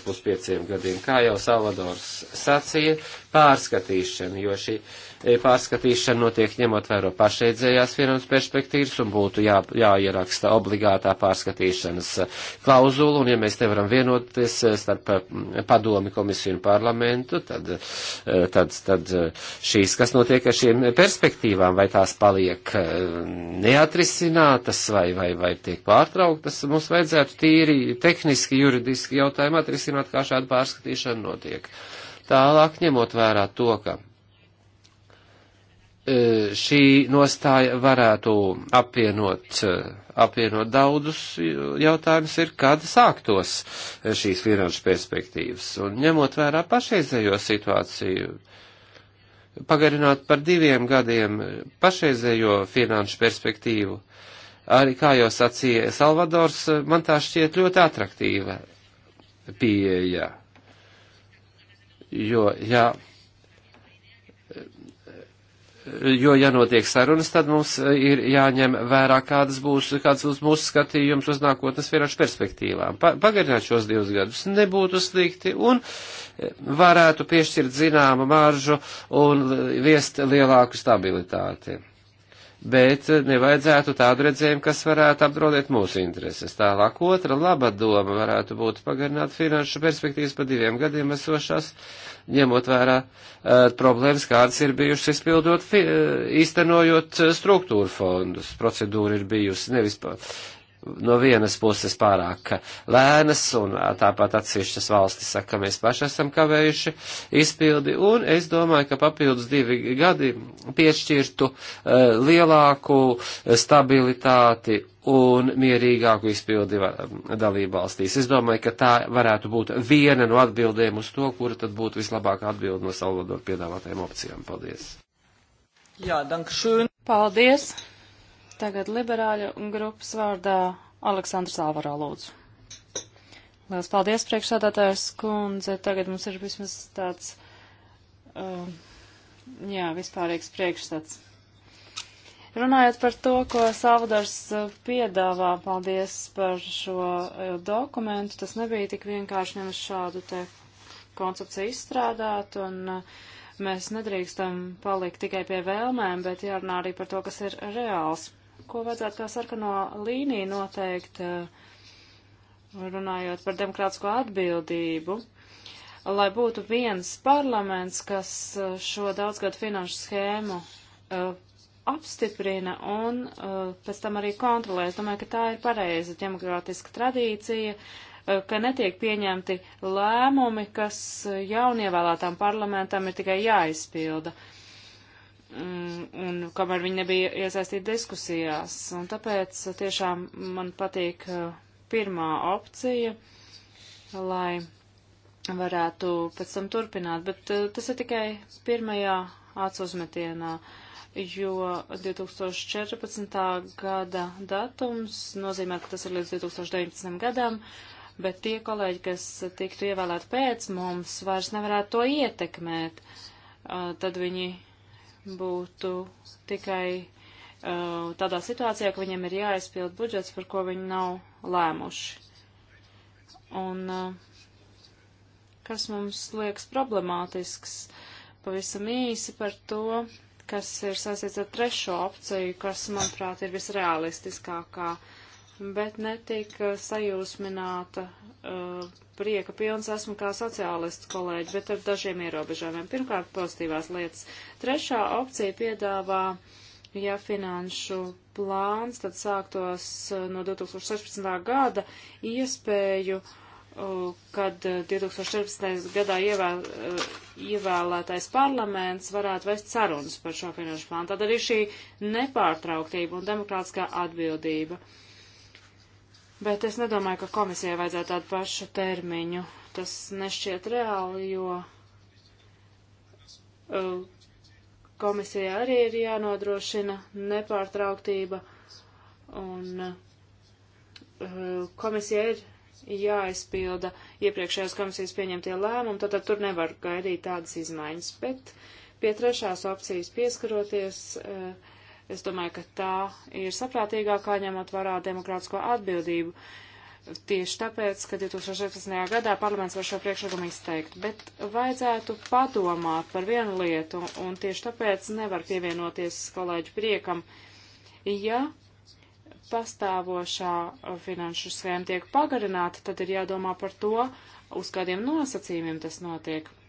plus 5 gadiem? Kā jau Salvadors sacīja, pārskatīšana, jo šī E, pārskatīšana notiek ņemot vērā pašreizējās finanses perspektīvas un būtu jā, jāieraksta obligātā pārskatīšanas e, klauzula, un ja mēs te varam vienoties e, starp padomi komisiju un parlamentu, tad, tad, tad šīs, kas notiek ar šīm perspektīvām, vai tās paliek neatrisinātas vai, vai, vai tiek pārtrauktas, mums vajadzētu tīri tehniski, juridiski jautājumu atrisināt, kā šāda pārskatīšana notiek. Tālāk ņemot vērā to, ka E, šī nostāja varētu apvienot, e, apvienot daudzus jautājumus, ir kāda sāktos e, šīs finanšu perspektīvas. Un ņemot vērā pašreizējo situāciju, pagarināt par diviem gadiem pašreizējo finanšu perspektīvu, arī kā jau sacīja Salvadors, man tā šķiet ļoti atraktīva pieeja. Jo, jā. Ja, jo, ja notiek sarunas, tad mums e, ir jāņem vērā, kādas būs, kāds būs mūsu skatījums uz nākotnes finanšu perspektīvām. Pa, pagarināt šos divus gadus nebūtu slikti un e, varētu piešķirt zināmu maržu un viest lielāku stabilitāti. Bet e, nevajadzētu tādu redzējumu, kas varētu apdraudēt mūsu intereses. Tālāk otra laba doma varētu būt pagarināt finanšu perspektīvas pa diviem gadiem esošās ņemot vērā eh, problēmas, kādas ir bijušas izpildot, eh, īstenojot eh, struktūru fondus. Procedūra ir bijusi nevis no vienas puses pārāk lēnas, un tāpat atsevišķas valstis saka, ka mēs paši esam kavējuši izpildi, un es domāju, ka papildus divi gadi piešķirtu uh, lielāku eh, stabilitāti un mierīgāku izpildi dalību valstīs. Es domāju, ka tā varētu būt viena no atbildēm uz to, kura tad būtu vislabākā atbilde no Salvadoru piedāvātajām opcijām. Paldies! Jā, dankšūn. Paldies! Tagad liberāļu grupas vārdā Aleksandrs Alvaro lūdzu. Lielas paldies, priekšsādātājs kundze. Tagad mums ir vismaz tāds, um, jā, vispārīgs priekšstats. Runājot par to, ko Salvadors uh, piedāvā, paldies par šo uh, dokumentu. Tas nebija tik vienkārši nemaz šādu te koncepciju izstrādāt, un uh, mēs nedrīkstam palikt tikai pie vēlmēm, bet jārunā arī par to, kas ir reāls ko vajadzētu kā sarkano līniju noteikt, eh, runājot par demokrātisko atbildību, lai būtu viens parlaments, kas eh, šo daudzgadu finanšu schēmu eh, apstiprina un pēc tam arī kontrolē. Es domāju, ka tā ir pareiza demokrātiska tradīcija, ka netiek pieņemti lēmumi, kas jaunievēlētām parlamentam ir tikai jāizpilda. Uh, Mm, un kamēr viņi nebija iesaistīti diskusijās. Un tāpēc tiešām man patīk uh, pirmā opcija, lai varētu pēc tam turpināt, bet uh, tas ir tikai pirmajā atsuzmetienā, jo 2014. gada datums nozīmē, ka tas ir līdz 2019. gadam, bet tie kolēģi, kas tiktu ievēlēti pēc mums, vairs nevarētu to ietekmēt. Uh, tad viņi būtu tikai uh, tādā situācijā, ka viņiem ir jāizpild budžets, par ko viņi nav lēmuši. Un uh, kas mums liekas problemātisks pavisam īsi par to, kas ir saistīts ar trešo opciju, kas, manuprāt, ir visrealistiskākā. Uh, bet netika uh, sajūsmināta uh, prieka pilns esmu kā sociālists kolēģi, bet ar dažiem ierobežojumiem. Pirmkārt, pozitīvās lietas. Trešā opcija piedāvā, ja finanšu plāns, tad sāktos uh, no 2016. gada iespēju, uh, kad 2014. Uh, gadā ievēl, uh, ievēlētais parlaments varētu vest sarunas par šo finanšu plānu. Tad arī šī nepārtrauktība un demokrātiskā atbildība. Uh, Bet es nedomāju, ka komisijai vajadzētu tādu pašu termiņu. Tas nešķiet reāli, jo uh, komisijai arī ir jānodrošina nepārtrauktība, un uh, komisijai ir jāizpilda iepriekšējās komisijas pieņemtie lēmumi, tad tur nevar gaidīt tādas izmaiņas. Bet pie trešās opcijas pieskaroties. Uh, Es domāju, ka tā ir saprātīgākā ņemot vērā demokrātisko atbildību. Tieši tāpēc, ka 2016. gadā parlaments var šo priekšlikumu izteikt, bet vajadzētu padomāt par vienu lietu, un tieši tāpēc nevar pievienoties kolēģu priekam, ja pastāvošā finanšu schēma tiek pagarināta, tad ir jādomā par to, uz kādiem nosacījumiem tas notiek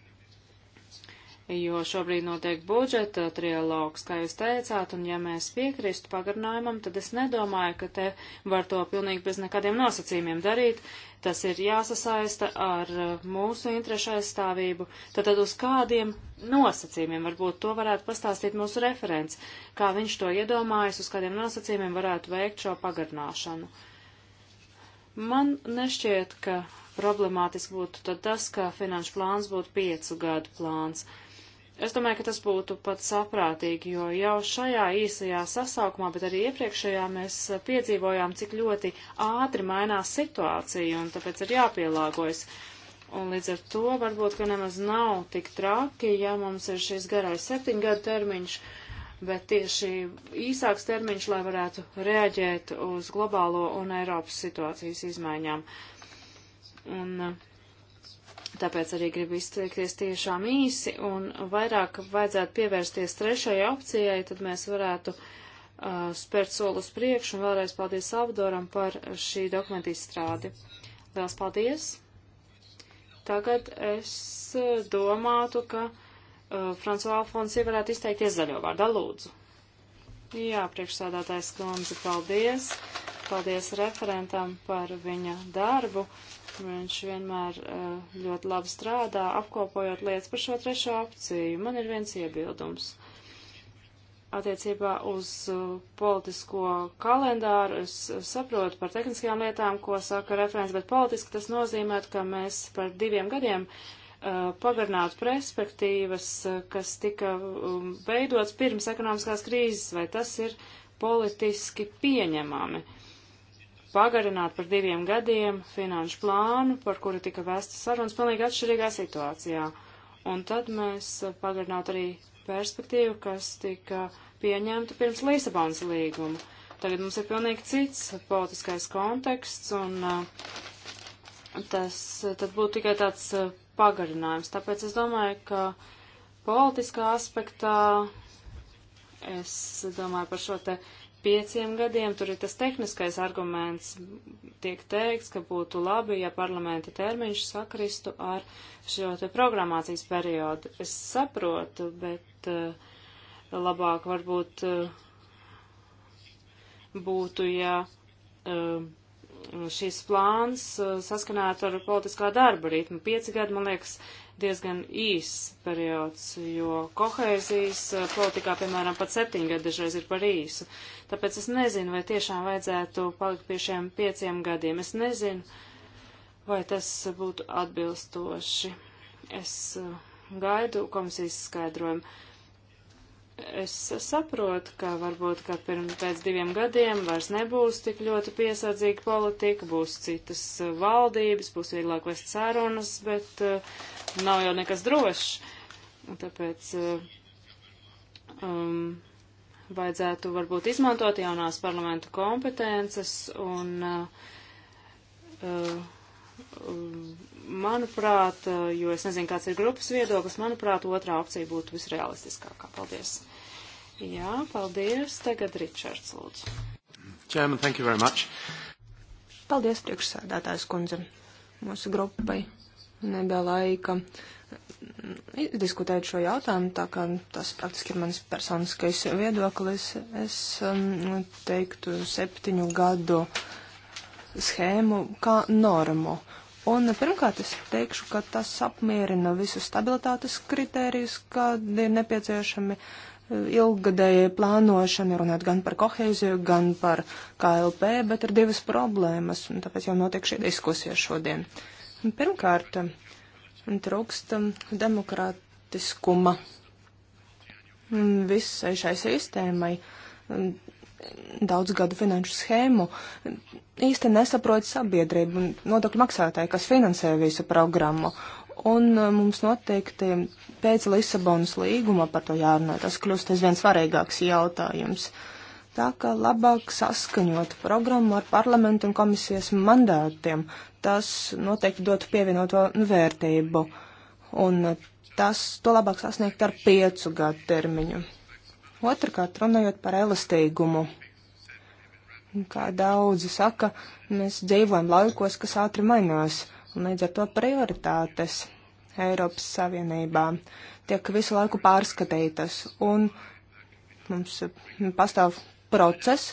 jo šobrīd notiek budžeta trialogs, kā jūs teicāt, un ja mēs piekristu pagarinājumam, tad es nedomāju, ka te var to pilnīgi bez nekādiem nosacījumiem darīt. Tas ir jāsasaista ar uh, mūsu interešu aizstāvību. Tad, tad uz kādiem nosacījumiem varbūt to varētu pastāstīt mūsu referents, kā viņš to iedomājas, uz kādiem nosacījumiem varētu veikt šo pagarināšanu. Man nešķiet, ka problemātiski būtu tas, ka finanšu plāns būtu piecu gadu plāns. Uh, Es domāju, ka tas būtu pat saprātīgi, jo jau šajā īsajā sasaukumā, bet arī iepriekšējā mēs piedzīvojām, cik ļoti ātri mainās situācija, un tāpēc ir jāpielāgojas. Un līdz ar to varbūt, ka nemaz nav tik traki, ja mums ir šis garais septiņgada termiņš, bet tieši īsāks termiņš, lai varētu reaģēt uz globālo un Eiropas situācijas izmaiņām. Un, uh, Tāpēc arī gribu izteikties tiešām īsi un vairāk vajadzētu pievērsties trešajai opcijai, tad mēs varētu uh, spērt soli uz priekšu un vēlreiz paldies Abdoram par šī dokumenta izstrādi. Liels paldies! Tagad es domātu, ka uh, Francois Alfonsī varētu izteikties zaļo vārdā. Lūdzu! Jā, priekšsādātājs Kundze, paldies! Paldies referentam par viņa darbu! Uh, Viņš vienmēr eh, ļoti labi strādā, apkopojot lietas par šo trešo opciju. Man ir viens iebildums. Attiecībā uz eh, politisko kalendāru es eh, saprotu par tehniskajām lietām, ko saka referents, bet politiski tas nozīmē, ka mēs par diviem gadiem pagarināt perspektīvas, kas tika um, veidots pirms ekonomiskās krīzes, vai tas ir politiski pieņemami. Uh, pagarināt par diviem gadiem finanšu plānu, par kuru tika vēstas sarunas pilnīgi atšķirīgā situācijā. Un tad mēs pagarinātu arī perspektīvu, kas tika pieņemta pirms Lisabonas līguma. Tagad mums ir pilnīgi cits politiskais konteksts, un uh, tas uh, tad būtu tikai tāds uh, pagarinājums. Tāpēc es domāju, ka politiskā aspektā es domāju par šo te uh, pieciem gadiem. Tur ir tas tehniskais arguments, tiek teikts, ka būtu labi, ja parlamenta termiņš sakristu ar šo te programmācijas periodu. Es saprotu, bet uh, labāk varbūt uh, būtu, ja uh, šis plāns saskanētu ar politiskā darba ritmu. Pieci gadi, man liekas, diezgan īss periods, jo kohēzijas eh, politikā, piemēram, pat septiņi gadi dažreiz ir par īsu. Tāpēc es nezinu, vai tiešām vajadzētu palikt pie šiem pieciem gadiem. Es nezinu, vai tas būtu atbilstoši. Es eh, gaidu komisijas skaidrojumu es saprotu, ka varbūt, ka pirms pēc diviem gadiem vairs nebūs tik ļoti piesardzīga politika, būs citas uh, valdības, būs vieglāk vest sarunas, bet uh, nav jau nekas drošs. Tāpēc uh, um, vajadzētu varbūt izmantot jaunās parlamentu kompetences un uh, uh, Um, manuprāt, uh, jo es nezinu, kāds ir grupas viedoklis, manuprāt, otrā opcija būtu visrealistiskākā. Paldies. Jā, paldies. Tagad Ričards, lūdzu. Chairman, thank you very much. Paldies, priekšsēdētājs kundze. Mūsu grupai nebija laika mm, diskutēt šo jautājumu, tā kā tas praktiski ir mans personiskais viedoklis. Es um, teiktu septiņu gadu. Uh, schēmu kā normu. Un pirmkārt es teikšu, ka tas apmierina visus stabilitātes kritērijus, kādi ir nepieciešami e, ilgadējai plānošanai, runāt gan par kohēziju, gan par KLP, bet ir divas problēmas, un tāpēc jau notiek šī diskusija šodien. Pirmkārt, trūkst demokrātiskuma visai šai sistēmai daudz gadu finanšu schēmu, īsti nesaprot sabiedrību un nodokļu maksātāji, kas finansē visu programmu. Un uh, mums noteikti pēc Lisabonas līguma par to jārunā. Tas kļūst aizvien svarīgāks jautājums. Tā kā labāk saskaņot programmu ar parlamentu un komisijas mandātiem, tas noteikti dotu pievienoto vērtību. Un uh, tas to labāk sasniegt ar piecu gadu termiņu. Otrakārt, runājot par elastīgumu. Kā daudzi saka, mēs dzīvojam laikos, kas ātri mainās, un līdz ar to prioritātes Eiropas Savienībā tiek visu laiku pārskatītas, un mums nu, pastāv process,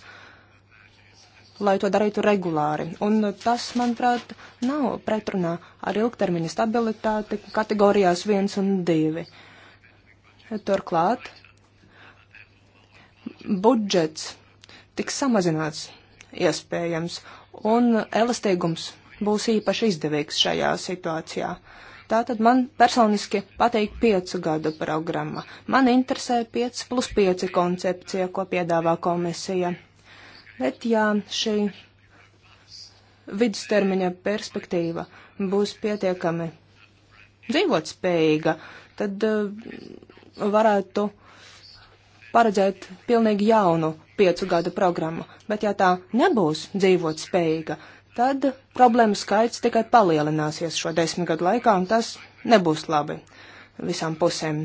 lai to darītu regulāri. Un tas, manuprāt, nav pretrunā ar ilgtermiņa stabilitāti kategorijās 1 un 2. Turklāt budžets tiks samazināts iespējams, un elastīgums būs īpaši izdevīgs šajā situācijā. Tātad man personiski patīk piecu gadu programma. Man interesē 5 plus 5 koncepcija, ko piedāvā komisija. Bet jā, šī vidustermiņa perspektīva būs pietiekami dzīvotspējīga, tad eh, varētu paredzēt pilnīgi jaunu piecu gadu programmu, bet ja tā nebūs dzīvot spējīga, tad problēmu skaits tikai palielināsies šo desmit gadu laikā, un tas nebūs labi visām pusēm.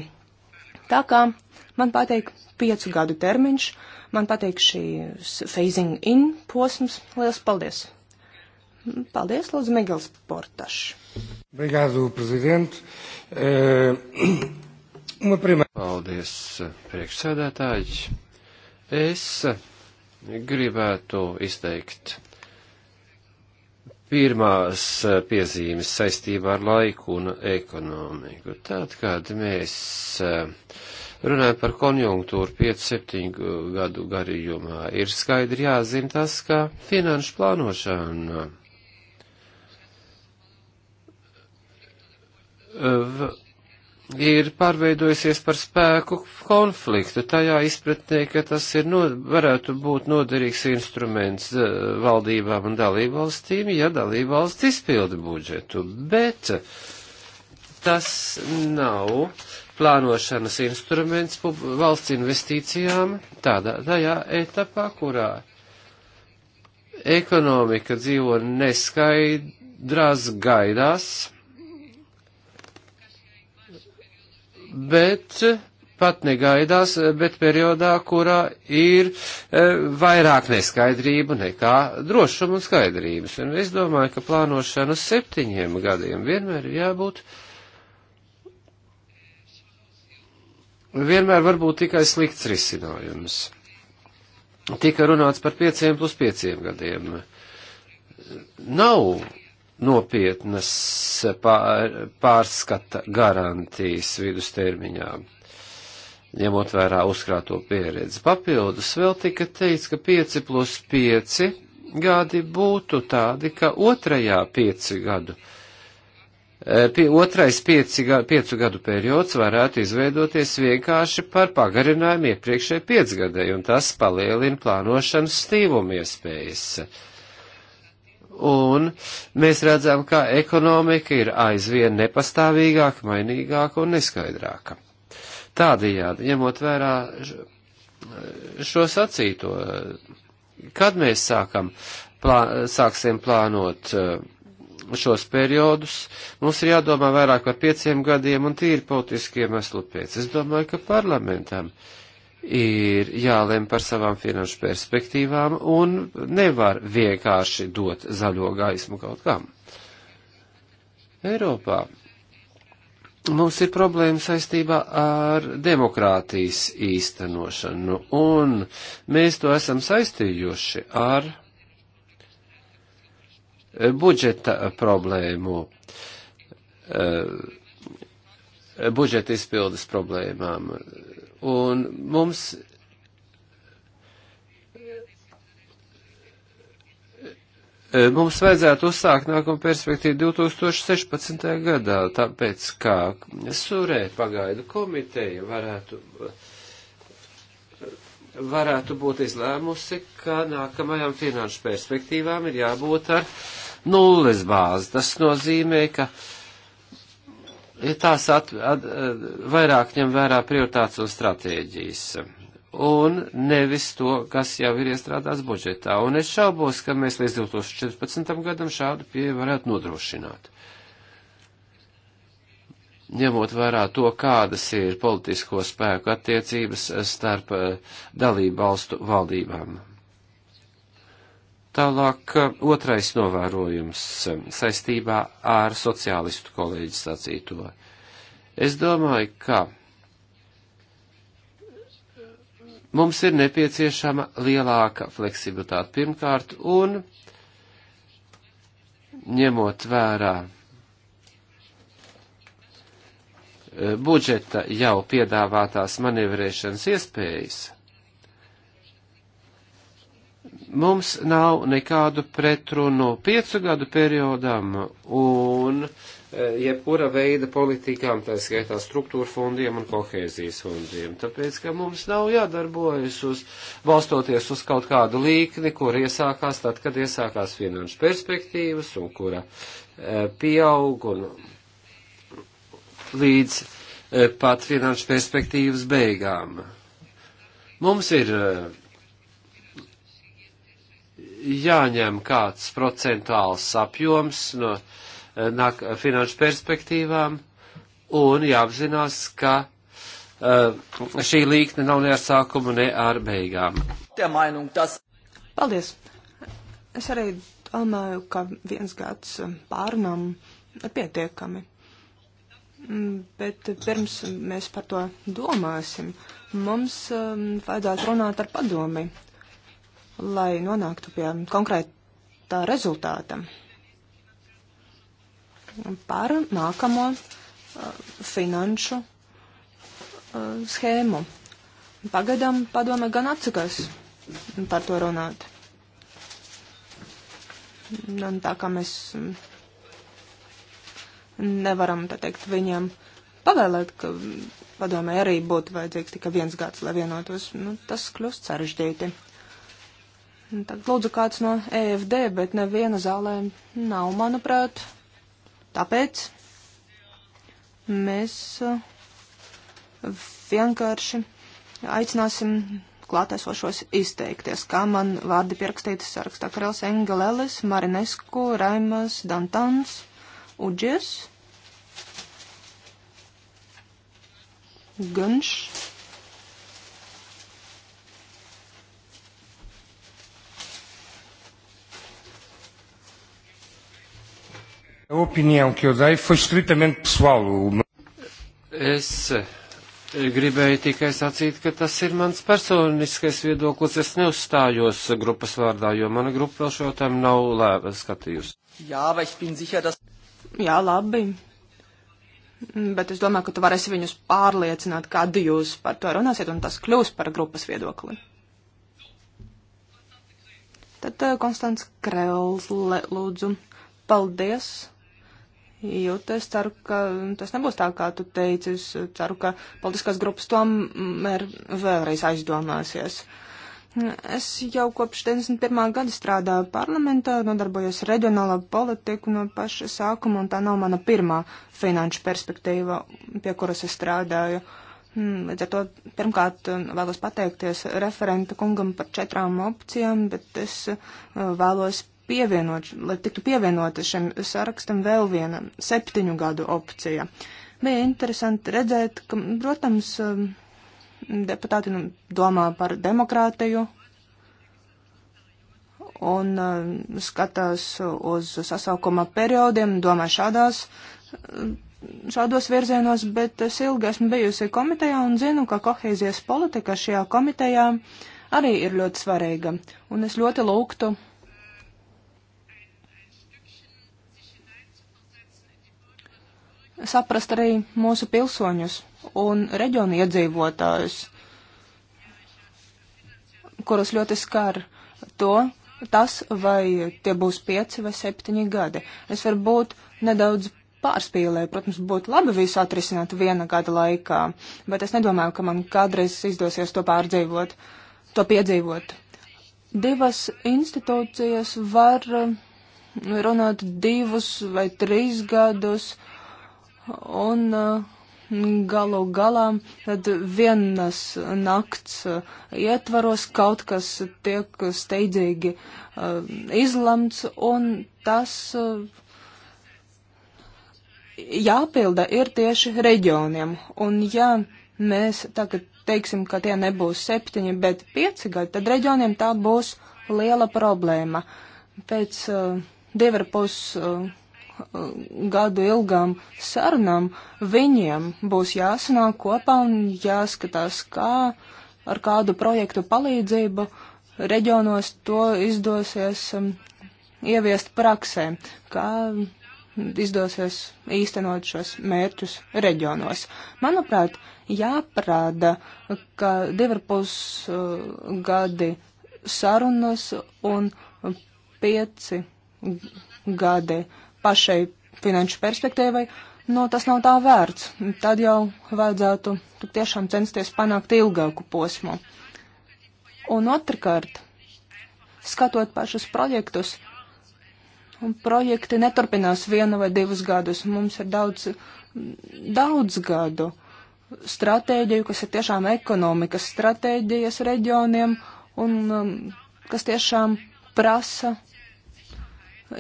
Tā kā man patīk piecu gadu termiņš, man patīk šīs phasing in posms. Lielas paldies! Paldies, Lūdzu, Migels Portašs. Obrigado, prezident. Uh... Eh, Paldies, priekšsēdētāji. Es gribētu izteikt pirmās piezīmes saistībā ar laiku un ekonomiku. Tad, kad mēs runājam par konjunktūru 5-7 gadu garījumā, ir skaidri jāzina tas, ka finanšu plānošana v ir pārveidojusies par spēku konfliktu, tajā izpratnē, ka tas ir, no, varētu būt noderīgs instruments eh, valdībām un dalībvalstīm, ja dalībvalsts izpildi budžetu, bet tas nav plānošanas instruments valsts investīcijām tādā, tajā etapā, kurā ekonomika dzīvo neskaidrās gaidās, bet pat negaidās, bet periodā, kurā ir e, vairāk neskaidrību nekā drošuma un skaidrības. Un es domāju, ka plānošana septiņiem gadiem vienmēr ir jābūt. Vienmēr var būt tikai slikts risinājums. Tika runāts par pieciem plus pieciem gadiem. Nav nopietnas pārskata garantijas vidustermiņā, ņemot vērā uzkrāto pieredzi. Papildus vēl tika teikts, ka 5 plus 5 gadi būtu tādi, ka otrajā 5 gadu, e, pie, otrais 5, gadu, 5 gadu periods varētu izveidoties vienkārši par pagarinājumu iepriekšēji 5 gadai, un tas palielina plānošanas stīvumu iespējas. Un mēs redzam, ka ekonomika ir aizvien nepastāvīgāka, mainīgāka un neskaidrāka. Tādējādi, ņemot vērā šo sacīto, kad mēs sākam, plā, sāksim plānot eh, šos periodus, mums ir jādomā vairāk par pieciem gadiem un tīri politiskiem eslu pēc. Es domāju, ka parlamentam uh, ir jālem par savām finanšu perspektīvām un nevar vienkārši dot zaļo gaismu kaut kam. Eiropā mums ir problēma saistībā ar demokrātijas īstenošanu, un mēs to esam saistījuši ar budžeta problēmu. Uh, budžeta izpildes problēmām. Un mums e, Mums vajadzētu uzsākt nākamo perspektīvu 2016. gadā, tāpēc kā surē pagaidu komiteja varētu, varētu būt izlēmusi, ka nākamajām finanšu perspektīvām ir jābūt ar nulles bāzi. Tas nozīmē, ka uh, tās at, at, vairāk ņem vērā prioritātes un stratēģijas. Un nevis to, kas jau ir iestrādāts budžetā. Un es šaubos, ka mēs līdz 2014. gadam šādu pieeju varētu nodrošināt. Ņemot vērā to, kādas ir politisko spēku attiecības starp eh, dalību valstu valdībām. Tālāk eh, otrais novērojums eh, saistībā ar sociālistu kolēģi sacīto. Es domāju, ka mums ir nepieciešama lielāka fleksibilitāte pirmkārt un ņemot vērā eh, budžeta jau piedāvātās manevrēšanas iespējas Mums nav nekādu pretrunu piecu gadu periodam un e, jebkura veida politikām, tā skaitā struktūra fondiem un kohēzijas fondiem. Tāpēc, ka mums nav jādarbojas uz, balstoties uz kaut kādu līkni, kur iesākās tad, kad iesākās finanšu perspektīvas un kura e, pieaug un līdz e, pat finanšu perspektīvas beigām. Mums ir jāņem kāds procentuāls apjoms no eh, nāk, finanšu perspektīvām un jāapzinās, ka uh, šī līkne nav ne ar sākumu, ne ar beigām. Paldies! Es arī domāju, ka viens gads eh, pārnam ir pietiekami. Mm, bet pirms mēs par to domāsim, mums um, vajadzētu runāt ar padomi lai nonāktu pie konkrētā rezultāta. Par nākamo uh, finanšu uh, schēmu. Pagaidām padome gan atsakās par to runāt. Nu, un tā kā mēs mm, nevaram, tā teikt, viņiem pavēlēt, ka padomē arī būtu vajadzīgs tikai viens gads, lai vienotos, nu, tas kļūst sarežģīti. Uh, Tagad lūdzu kāds no EFD, bet neviena zālē nav, manuprāt. Tāpēc mēs uh, vienkārši aicināsim klātesošos izteikties, kā man vārdi pierakstītas sarakstā Karels Engelelis, Marinesku, Raimas, Dantans, Uģies, Gunš. A opinião que eu dei foi estritamente pessoal. Es eh, gribēju tikai sacīt, ka tas ir mans personiskais viedoklis. Es neuzstājos grupas vārdā, jo mana grupa vēl šo jautājumu nav lēva skatījusi. Jā, vai es biju ziņā, tas. Jā, labi. Bet es domāju, ka tu varēsi viņus pārliecināt, kad jūs par to runāsiet, un tas kļūs par grupas viedokli. Tad uh, Konstants Krells, lūdzu, paldies. Jo es ceru, ka tas nebūs tā, kā tu teici. Es ceru, ka politiskās grupas tomēr vēlreiz aizdomāsies. Es jau kopš 91. gada strādāju parlamentā, nodarbojos reģionālā politiku no paša sākuma, un tā nav mana pirmā finanšu perspektīva, pie kuras es strādāju. Hmm, līdz ar to pirmkārt vēlos pateikties referenta kungam par četrām opcijām, bet es uh, vēlos pievienot, lai tiktu pievienota šim sarakstam vēl viena septiņu gadu opcija. Bija interesanti redzēt, ka, protams, um, deputāti nu, domā par demokrātiju un um, skatās uz sasaukuma periodiem, domā šādās, um, šādos virzienos, bet es ilgi esmu bijusi komitejā un zinu, ka kohēzijas politika šajā komitejā arī ir ļoti svarīga. Un es ļoti lūgtu saprast arī mūsu pilsoņus un reģionu iedzīvotājus, kurus ļoti skar to, tas, vai tie būs pieci vai septiņi gadi. Es varbūt nedaudz pārspīlēju, protams, būtu labi visu atrisināt viena gada laikā, bet es nedomāju, ka man kādreiz izdosies to pārdzīvot, to piedzīvot. Divas institūcijas var runāt divus vai trīs gadus. Uh, un uh, galu galā tad vienas nakts uh, ietvaros kaut kas tiek steidzīgi uh, izlemts, un tas jāpilda ir tieši reģioniem. Un ja mēs tagad teiksim, ka tie nebūs septiņi, bet pieci gadi, tad reģioniem tā būs liela problēma. Pēc uh, divarpus uh, Uh, gadu ilgām sarunām, viņiem būs jāsanāk kopā un jāskatās, kā ar kādu projektu palīdzību reģionos to izdosies um, ieviest praksē, kā izdosies īstenot šos mērķus reģionos. Manuprāt, jāparāda, ka divi ar pus uh, gadi sarunas un pieci gadi uh, pašai finanšu perspektīvai, nu, tas nav tā vērts. Tad jau vajadzētu tiešām censties panākt ilgāku posmu. Un otrkārt, skatot pašus projektus, un projekti neturpinās vienu vai divus gadus. Mums ir daudz, daudz gadu stratēģiju, kas ir tiešām ekonomikas stratēģijas reģioniem un um, kas tiešām prasa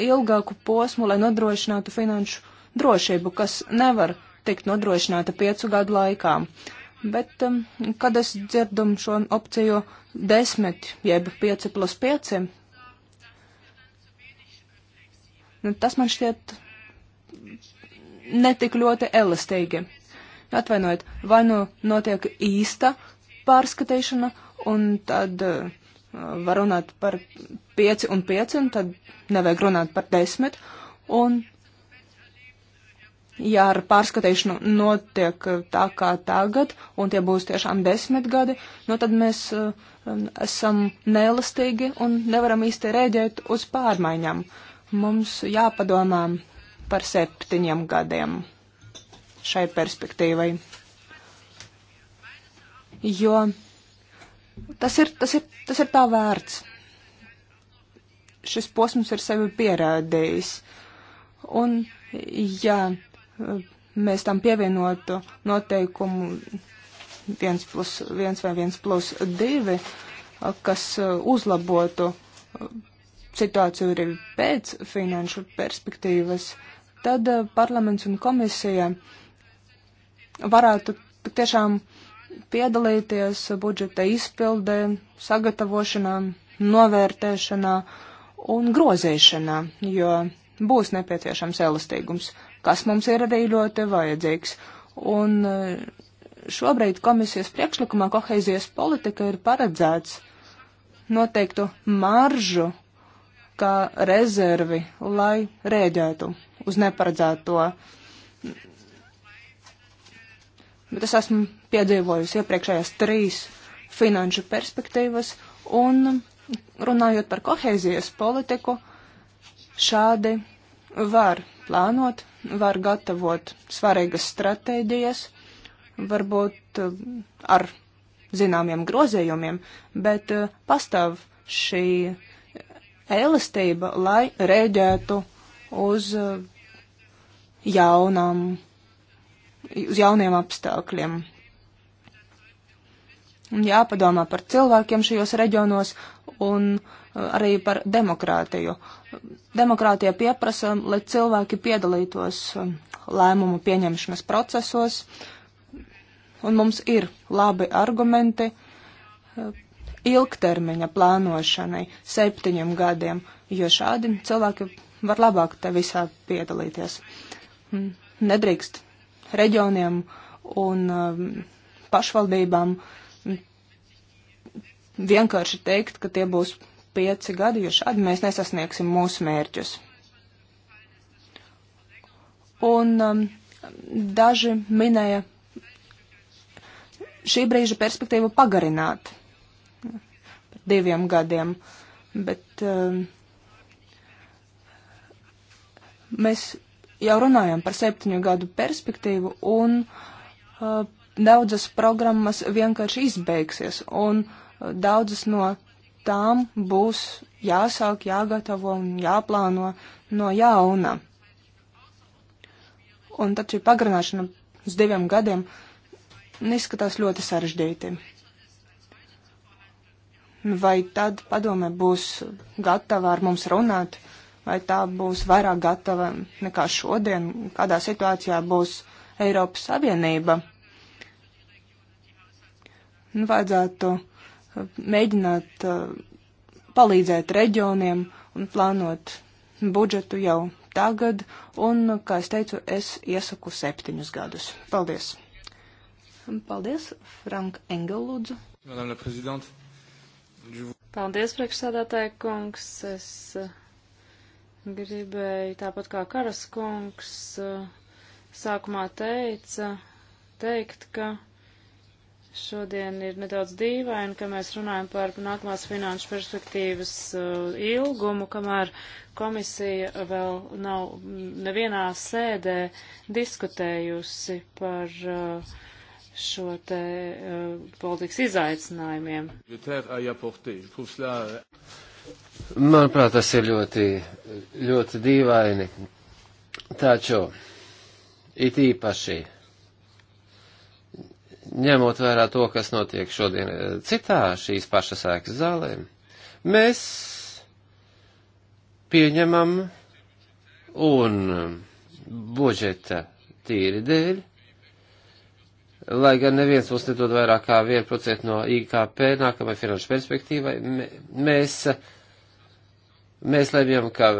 ilgāku posmu, lai nodrošinātu finanšu drošību, kas nevar tikt nodrošināta piecu gadu laikā. Bet, um, kad es dzirdu šo opciju desmit, jeb pieci plus pieci, nu, tas man šķiet netik ļoti elastīgi. Atvainojiet, vai nu notiek īsta pārskatīšana, un tad uh, var runāt par 5 un 5, un tad nevajag runāt par 10. Un, ja ar pārskatīšanu notiek uh, tā kā tagad, un tie būs tiešām 10 gadi, nu tad mēs uh, um, esam nelastīgi un nevaram īsti rēģēt uz pārmaiņām. Mums jāpadomā par septiņiem gadiem šai perspektīvai. Jo Tas ir, tas ir, tas ir tā vērts. Šis posms ir sevi pierādījis. Un, ja eh, mēs tam pievienotu noteikumu 1 plus 1 vai 1 plus 2, eh, kas eh, uzlabotu situāciju arī pēc finanšu perspektīvas, tad parlaments un komisija varētu tiešām uh, piedalīties budžeta izpildē, sagatavošanā, novērtēšanā un grozīšanā, jo būs nepieciešams elastīgums, kas mums ir arī ļoti vajadzīgs. Un eh, šobrīd komisijas priekšlikumā koheizijas politika ir paredzēts noteiktu maržu kā rezervi, lai rēģētu uz neparedzēto. Bet es esmu piedzīvojusi iepriekšējās trīs finanšu perspektīvas, un runājot par kohēzijas politiku, šādi var plānot, var gatavot svarīgas stratēģijas, varbūt eh, ar zināmiem grozējumiem, bet eh, pastāv šī elastība, lai rēģētu uz eh, jaunām, uz jauniem apstākļiem. Un jāpadomā par cilvēkiem šajos reģionos un uh, arī par demokrātiju. Demokrātija pieprasa, lai cilvēki piedalītos um, lēmumu pieņemšanas procesos, un mums ir labi argumenti uh, ilgtermiņa plānošanai septiņiem gadiem, jo šādi cilvēki var labāk te visā piedalīties. Mm, nedrīkst reģioniem un um, pašvaldībām uh, vienkārši teikt, ka tie būs pieci gadi, jo šādi mēs nesasniegsim mūsu mērķus. Un um, daži minēja šī brīža perspektīvu pagarināt par diviem gadiem, bet um, mēs jau runājam par septiņu gadu perspektīvu un uh, daudzas programmas vienkārši izbeigsies. Un, uh, Daudzas no tām būs jāsāk, jāgatavo un jāplāno no jauna. Un tad šī pagarināšana uz diviem gadiem izskatās ļoti sarežģīti. Vai tad padome būs gatava ar mums runāt, vai tā būs vairāk gatava nekā šodien, kādā situācijā būs Eiropas Savienība? Nu, vajadzētu uh, mēģināt uh, palīdzēt reģioniem un plānot budžetu jau tagad, un, kā es teicu, es iesaku septiņus gadus. Paldies! Paldies, Frank Engelūdzu. Paldies, priekšsādātāja kungs. Es uh, gribēju, tāpat kā Karas kungs uh, sākumā teica, teikt, ka Šodien ir nedaudz dīvaini, ka mēs runājam par nākamās finanšu perspektīvas uh, ilgumu, kamēr komisija vēl nav nevienā sēdē diskutējusi par uh, šo te uh, politikas izaicinājumiem. Manuprāt, tas ir ļoti, ļoti dīvaini. Taču it īpaši ņemot vērā to, kas notiek šodien eh, citā šīs pašas ēkas zālē, mēs pieņemam un budžeta tīri dēļ, lai gan neviens mums nedod vairāk kā 1% no IKP nākamajai finanšu perspektīvai, mēs, mēs lemjam, ka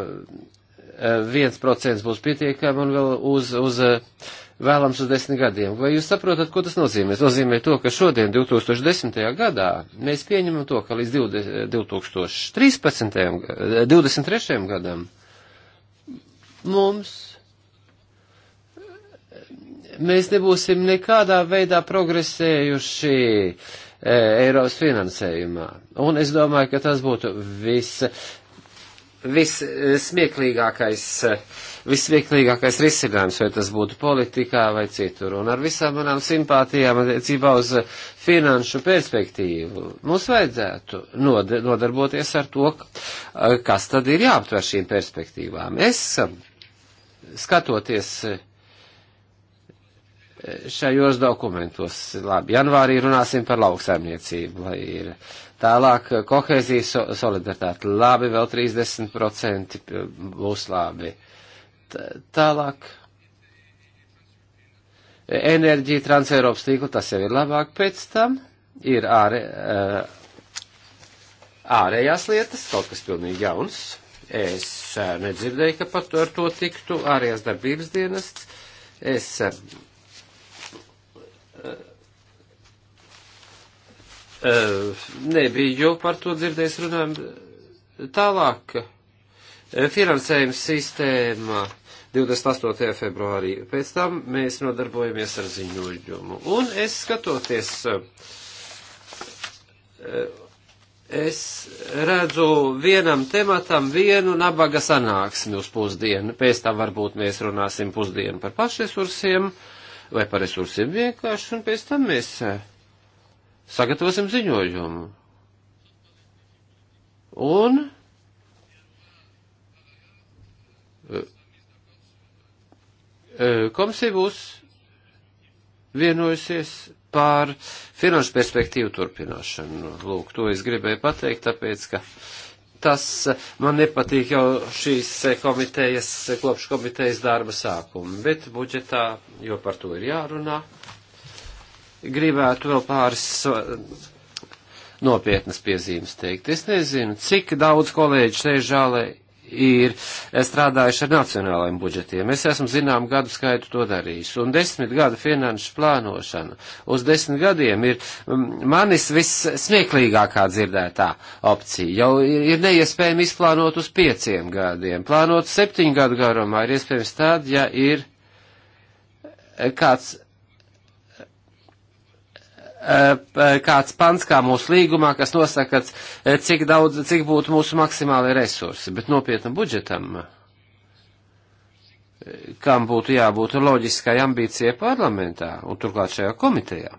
viens procents būs pietiekami un vēl uz, uz eh, vēlams uz desmit gadiem. Vai jūs saprotat, ko tas nozīmē? Tas nozīmē to, ka šodien, 2010. gadā, mēs pieņemam to, ka līdz 2013. 23. Eh, gadam mums eh, mēs nebūsim nekādā veidā progresējuši e, Eiropas finansējumā. Un es domāju, ka tas būtu viss vissmieklīgākais, vissmieklīgākais risinājums, vai tas būtu politikā vai citur. Un ar visām manām simpātijām attiecībā uz finanšu perspektīvu mums vajadzētu nodarboties ar to, kas tad ir jāaptver šīm perspektīvām. Es um, skatoties eh, šajos dokumentos, labi, janvārī runāsim par lauksaimniecību, lai ir Tālāk eh, kohēzijas solidaritāte. Labi, vēl 30% būs labi. Tālāk enerģija transeiropas tīklu, tas jau ir labāk pēc tam. Ir ārē, eh, ārējās lietas, kaut kas pilnīgi jauns. Es eh, nedzirdēju, ka par to, ar to tiktu ārējās darbības dienests. Es Eh, nebija, jo par to dzirdēs runājam tālāk. Eh, finansējuma sistēma 28. februārī. Pēc tam mēs nodarbojamies ar ziņojumu. Un es skatoties, eh, es redzu vienam tematam vienu nabaga sanāksmi uz pusdienu. Pēc tam varbūt mēs runāsim pusdienu par pašresursiem vai par resursiem vienkārši, un pēc tam mēs. Uh, sagatavosim ziņojumu. Un e, e, komisija būs vienojusies pār finanšu perspektīvu turpināšanu. Lūk, to es gribēju pateikt, tāpēc, ka tas man nepatīk jau šīs komitejas, kopš komitejas darba sākuma, bet budžetā, jo par to ir jārunā, gribētu vēl pāris uh, nopietnas piezīmes teikt. Es nezinu, cik daudz kolēģi šeit žālē ir strādājuši ar nacionālajiem budžetiem. Es esmu zinām gadu skaitu to darījis. Un desmit gada finanšu plānošana uz desmit gadiem ir mm, manis vissmieklīgākā dzirdētā opcija. Jau ir, ir neiespējami izplānot uz pieciem gadiem. Plānot septiņu gadu garumā ir iespējams tad, ja ir kāds Eh, eh, kāds pants kā mūsu līgumā, kas nosaka, eh, cik daudz, cik būtu mūsu maksimālai resursi, bet nopietnam budžetam, kam būtu jābūt loģiskai ambīcijai parlamentā un turklāt šajā komitejā.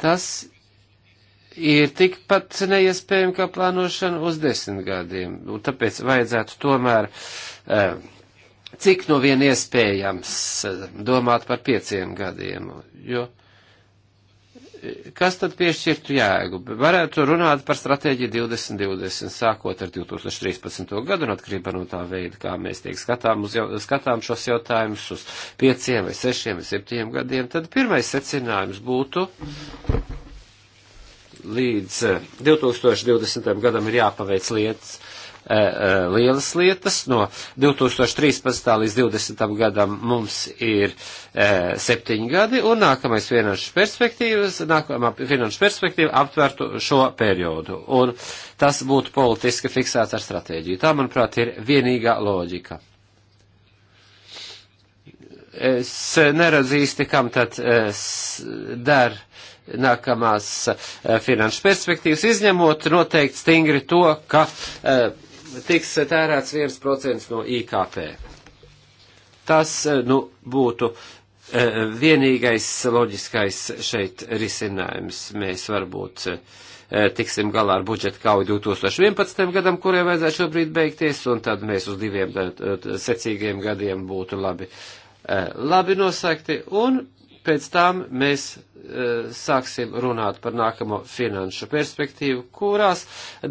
Tas ir tikpat neiespējami kā plānošana uz desmit gadiem, un tāpēc vajadzētu tomēr cik no vien iespējams domāt par pieciem gadiem, jo kas tad piešķirtu jēgu? Varētu runāt par stratēģiju 2020, sākot ar 2013. gadu, un atkarībā no tā veida, kā mēs tiek skatām, uz, jau, skatām šos jautājumus uz pieciem vai sešiem vai septiem gadiem, tad pirmais secinājums būtu līdz 2020. Eh, gadam ir jāpaveic lietas Eh, eh, lielas lietas. No 2013. līdz 2020. gadam mums ir eh, septiņi gadi, un nākamais finanšu perspektīvas, nākamā finanšu perspektīva aptvertu šo periodu. Un tas būtu politiski fiksēts ar stratēģiju. Tā, manuprāt, ir vienīgā loģika es neredzu īsti, kam tad dar nākamās finanšu perspektīvas, izņemot noteikti stingri to, ka tiks tērēts 1% no IKP. Tas eh, nu, būtu eh, vienīgais loģiskais šeit risinājums. Mēs varbūt eh, tiksim galā ar budžetu kauju 2011. gadam, kurai vajadzētu šobrīd beigties, un tad mēs uz diviem secīgiem gadiem būtu labi, labi nosakti, un pēc tam mēs Eh, sāksim runāt par nākamo finanšu perspektīvu, kurās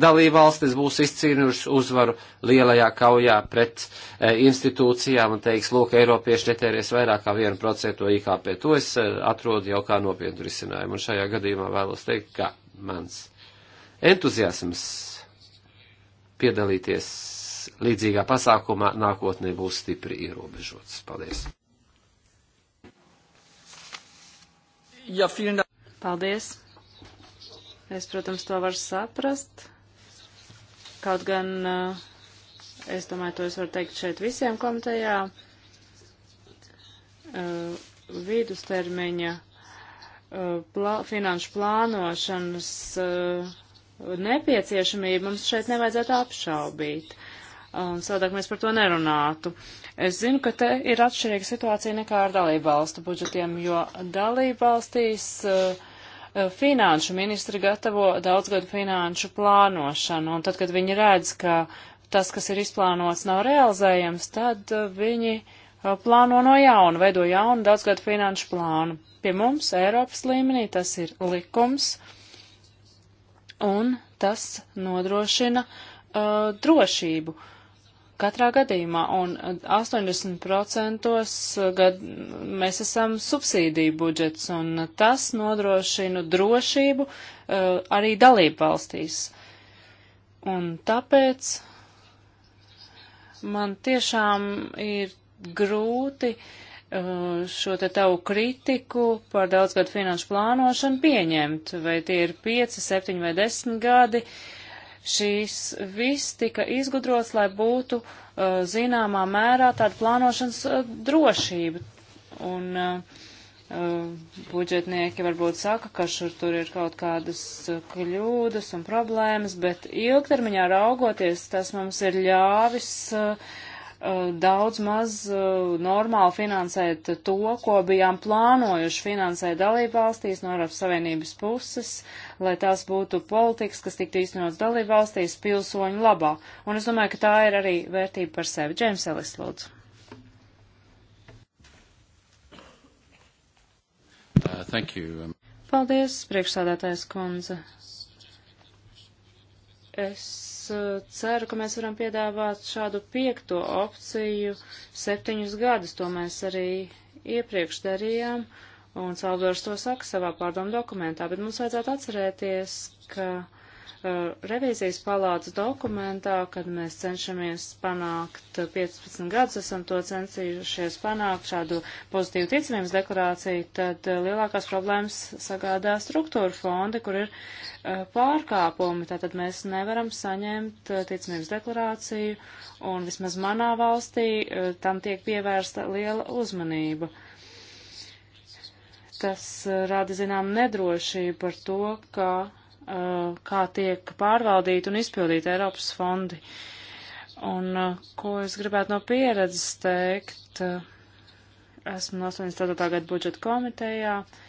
dalībvalstis būs izcīnušas uzvaru lielajā kaujā pret eh, institūcijām un teiks, lūk, Eiropieši netērēs vairāk kā 1% IKP. To es eh, atrodu jau kā nopietnu risinājumu. Un šajā gadījumā vēlos teikt, ka mans entuziasms piedalīties līdzīgā pasākumā nākotnē būs stipri ierobežots. Paldies! Ja, Paldies! Es, protams, to varu saprast. Kaut gan eh, es domāju, to es varu teikt šeit visiem komitejā. Eh, vidustermiņa eh, plā, finanšu plānošanas nepieciešamību mums šeit nevajadzētu apšaubīt un savādāk mēs par to nerunātu. Es zinu, ka te ir atšķirīga situācija nekā ar dalību valstu budžetiem, jo dalību valstīs uh, eh, eh, finanšu ministri gatavo daudzgadu finanšu plānošanu, un tad, kad viņi redz, ka tas, kas ir izplānots, nav realizējams, tad eh, viņi plāno no jauna, veido jaunu daudzgadu finanšu plānu. Pie mums Eiropas līmenī tas ir likums, un tas nodrošina uh, drošību. Uh, katrā gadījumā, un 80% eh, gad mēs esam subsīdiju budžets, un tas nodrošina drošību uh, arī dalību valstīs. Un tāpēc man tiešām ir grūti uh, šo te tavu kritiku par daudzgadu finanšu plānošanu pieņemt, vai tie ir 5, 7 vai 10 gadi. Uh, Šīs viss tika izgudrots, lai būtu uh, zināmā mērā tāda plānošanas uh, drošība. Un uh, uh budžetnieki varbūt saka, ka šur tur ir kaut kādas uh, kļūdas un problēmas, bet ilgtermiņā raugoties, tas mums ir ļāvis uh, daudz maz normāli finansēt to, ko bijām plānojuši finansēt dalībvalstīs no Eiropas Savienības puses, lai tās būtu politikas, kas tiktu īstenotas dalību valstīs pilsoņu labā. Un es domāju, ka tā ir arī vērtība par sevi. Džēms Ellis, lūdzu. Uh, thank you. Um... Paldies, priekšsādātājs kundze. Es uh, ceru, ka mēs varam piedāvāt šādu piekto opciju septiņus gadus. To mēs arī iepriekš darījām. Uh, Un Salvadors to saka savā pārdomu dokumentā, bet mums vajadzētu atcerēties, ka uh, revīzijas palātas dokumentā, kad mēs cenšamies panākt 15 gadus, esam to censījušies panākt šādu pozitīvu ticamības deklarāciju, tad uh, lielākās problēmas sagādā struktūra fondi, kur ir uh, pārkāpumi. Tātad mēs nevaram saņemt uh, ticamības deklarāciju, un vismaz manā valstī uh, tam tiek pievērsta liela uzmanība. Uh, Tas eh, rada zinām nedrošību par to, ka, eh, kā tiek pārvaldīti un izpildīti Eiropas fondi. Un eh, ko es gribētu no pieredzes teikt, esmu no 84. gada budžeta komitejā. Uh,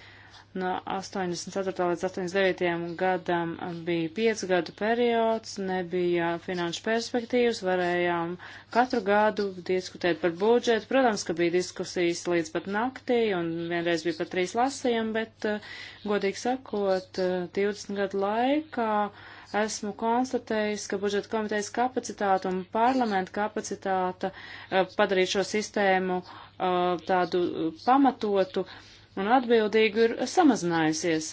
No 84. līdz 89. gadam bija piecu gadu periods, nebija finanšu perspektīvas, varējām katru gadu diskutēt par budžetu. Protams, ka bija diskusijas līdz pat naktī un vienreiz bija pat trīs lasījumi, bet, eh, godīgi sakot, 20 eh, gadu laikā esmu konstatējis, ka budžeta komitejas kapacitāte un parlamenta kapacitāte eh, padarīt šo sistēmu tādu pamatotu un atbildīgu ir samazinājusies.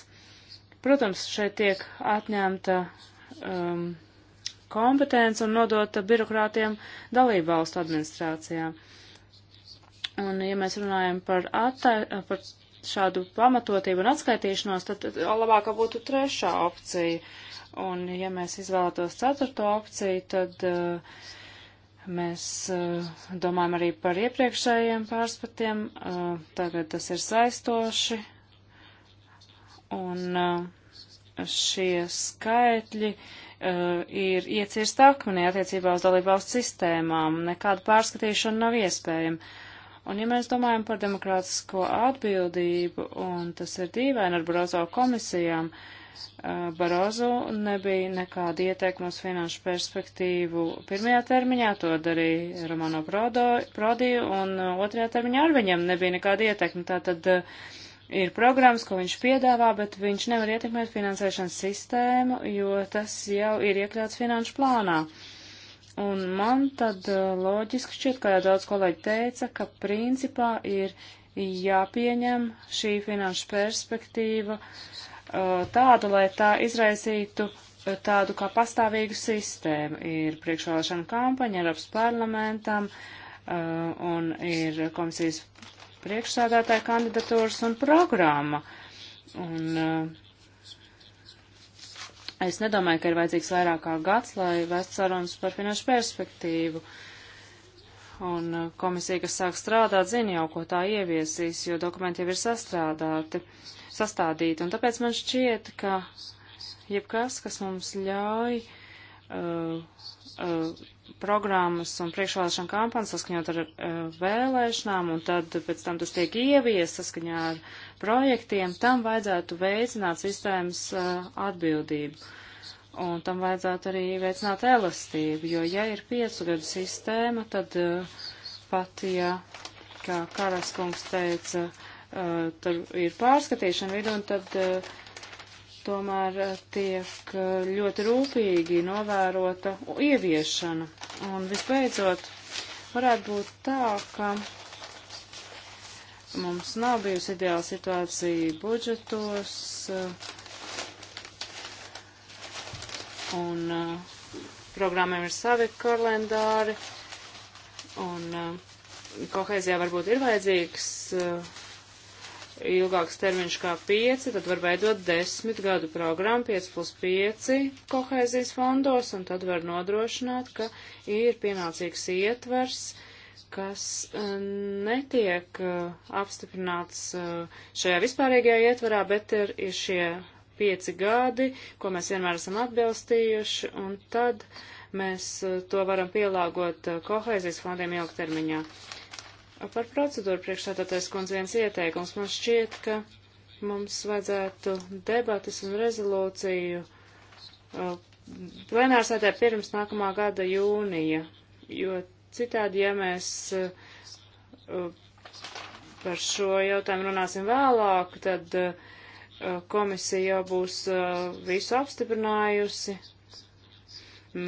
Protams, šeit tiek atņemta um, kompetence un nodota birokrātiem dalību valstu administrācijām. Un, ja mēs runājam par, attai, par šādu pamatotību un atskaitīšanos, tad labākā būtu trešā opcija. Un, ja mēs izvēlētos ceturto opciju, tad uh, Mēs uh, domājam arī par iepriekšējiem pārskatiem. Uh, eh, tagad tas ir saistoši. Un uh, šie skaitļi ir iecirst akmenī attiecībā uz dalībvalsts sistēmām. Nekāda pārskatīšana nav iespējama. Un ja mēs domājam par demokrātisko atbildību, un tas ir dīvaini ar brozo komisijām, uh, Eh, Barozu nebija nekāda ieteikuma uz finanšu perspektīvu pirmajā termiņā, to darīja Romano Prodi, un eh, otrajā termiņā ar viņam nebija nekāda ieteikuma. Tātad eh, ir programmas, ko viņš piedāvā, bet viņš nevar ietekmēt finansēšanas sistēmu, jo tas jau ir iekļauts finanšu plānā. Un man tad loģiski šķiet, kā jau daudz kolēģi teica, ka principā ir jāpieņem šī finanšu perspektīva. Uh, Uh, tādu, lai tā izraisītu uh, tādu kā pastāvīgu sistēmu. Ir priekšvēlēšana kampaņa Eiropas parlamentam uh, un ir komisijas priekšsādātāja kandidatūras un programma. Un es nedomāju, ka ir vajadzīgs vairāk kā gads, lai vest sarunas par finanšu perspektīvu. Un komisija, kas sāk strādāt, zina jau, ko tā ieviesīs, jo dokumenti jau ir sastrādāti. Uh, sastādīti. Un tāpēc man šķiet, ka jebkas, kas mums ļauj uh, uh, programmas un priekšvēlēšana kampaņas saskaņot ar uh, vēlēšanām, un tad pēc tam tas tiek ievies saskaņā ar projektiem, tam vajadzētu veicināt sistēmas uh, atbildību. Un tam vajadzētu arī veicināt elastību, jo ja ir piecu gadu sistēma, tad uh, pat, ja, kā Karaskungs teica, uh, Eh, tad ir pārskatīšana vidu, un tad eh, tomēr eh, tiek ļoti rūpīgi novērota ieviešana. Un visbeidzot, varētu būt tā, ka mums nav bijusi ideāla situācija budžetos, un programmiem ir savi kalendāri, un kohēzijā varbūt ir vajadzīgs ilgāks termiņš kā 5, tad var veidot 10 gadu programmu 5 plus 5 kohēzijas fondos, un tad var nodrošināt, ka ir pienācīgs ietvers, kas uh, netiek uh, apstiprināts uh, šajā vispārīgajā ietvarā, bet ir, ir šie pieci gadi, ko mēs vienmēr esam atbilstījuši, un tad mēs to varam pielāgot kohēzijas fondiem ilgtermiņā. Par procedūru priekšstādātais kundze viens ieteikums. Man šķiet, ka mums vajadzētu debatas un rezolūciju uh, plenārsētē pirms nākamā gada jūnija, jo citādi, ja mēs uh, par šo jautājumu runāsim vēlāk, tad uh, komisija jau būs visu apstiprinājusi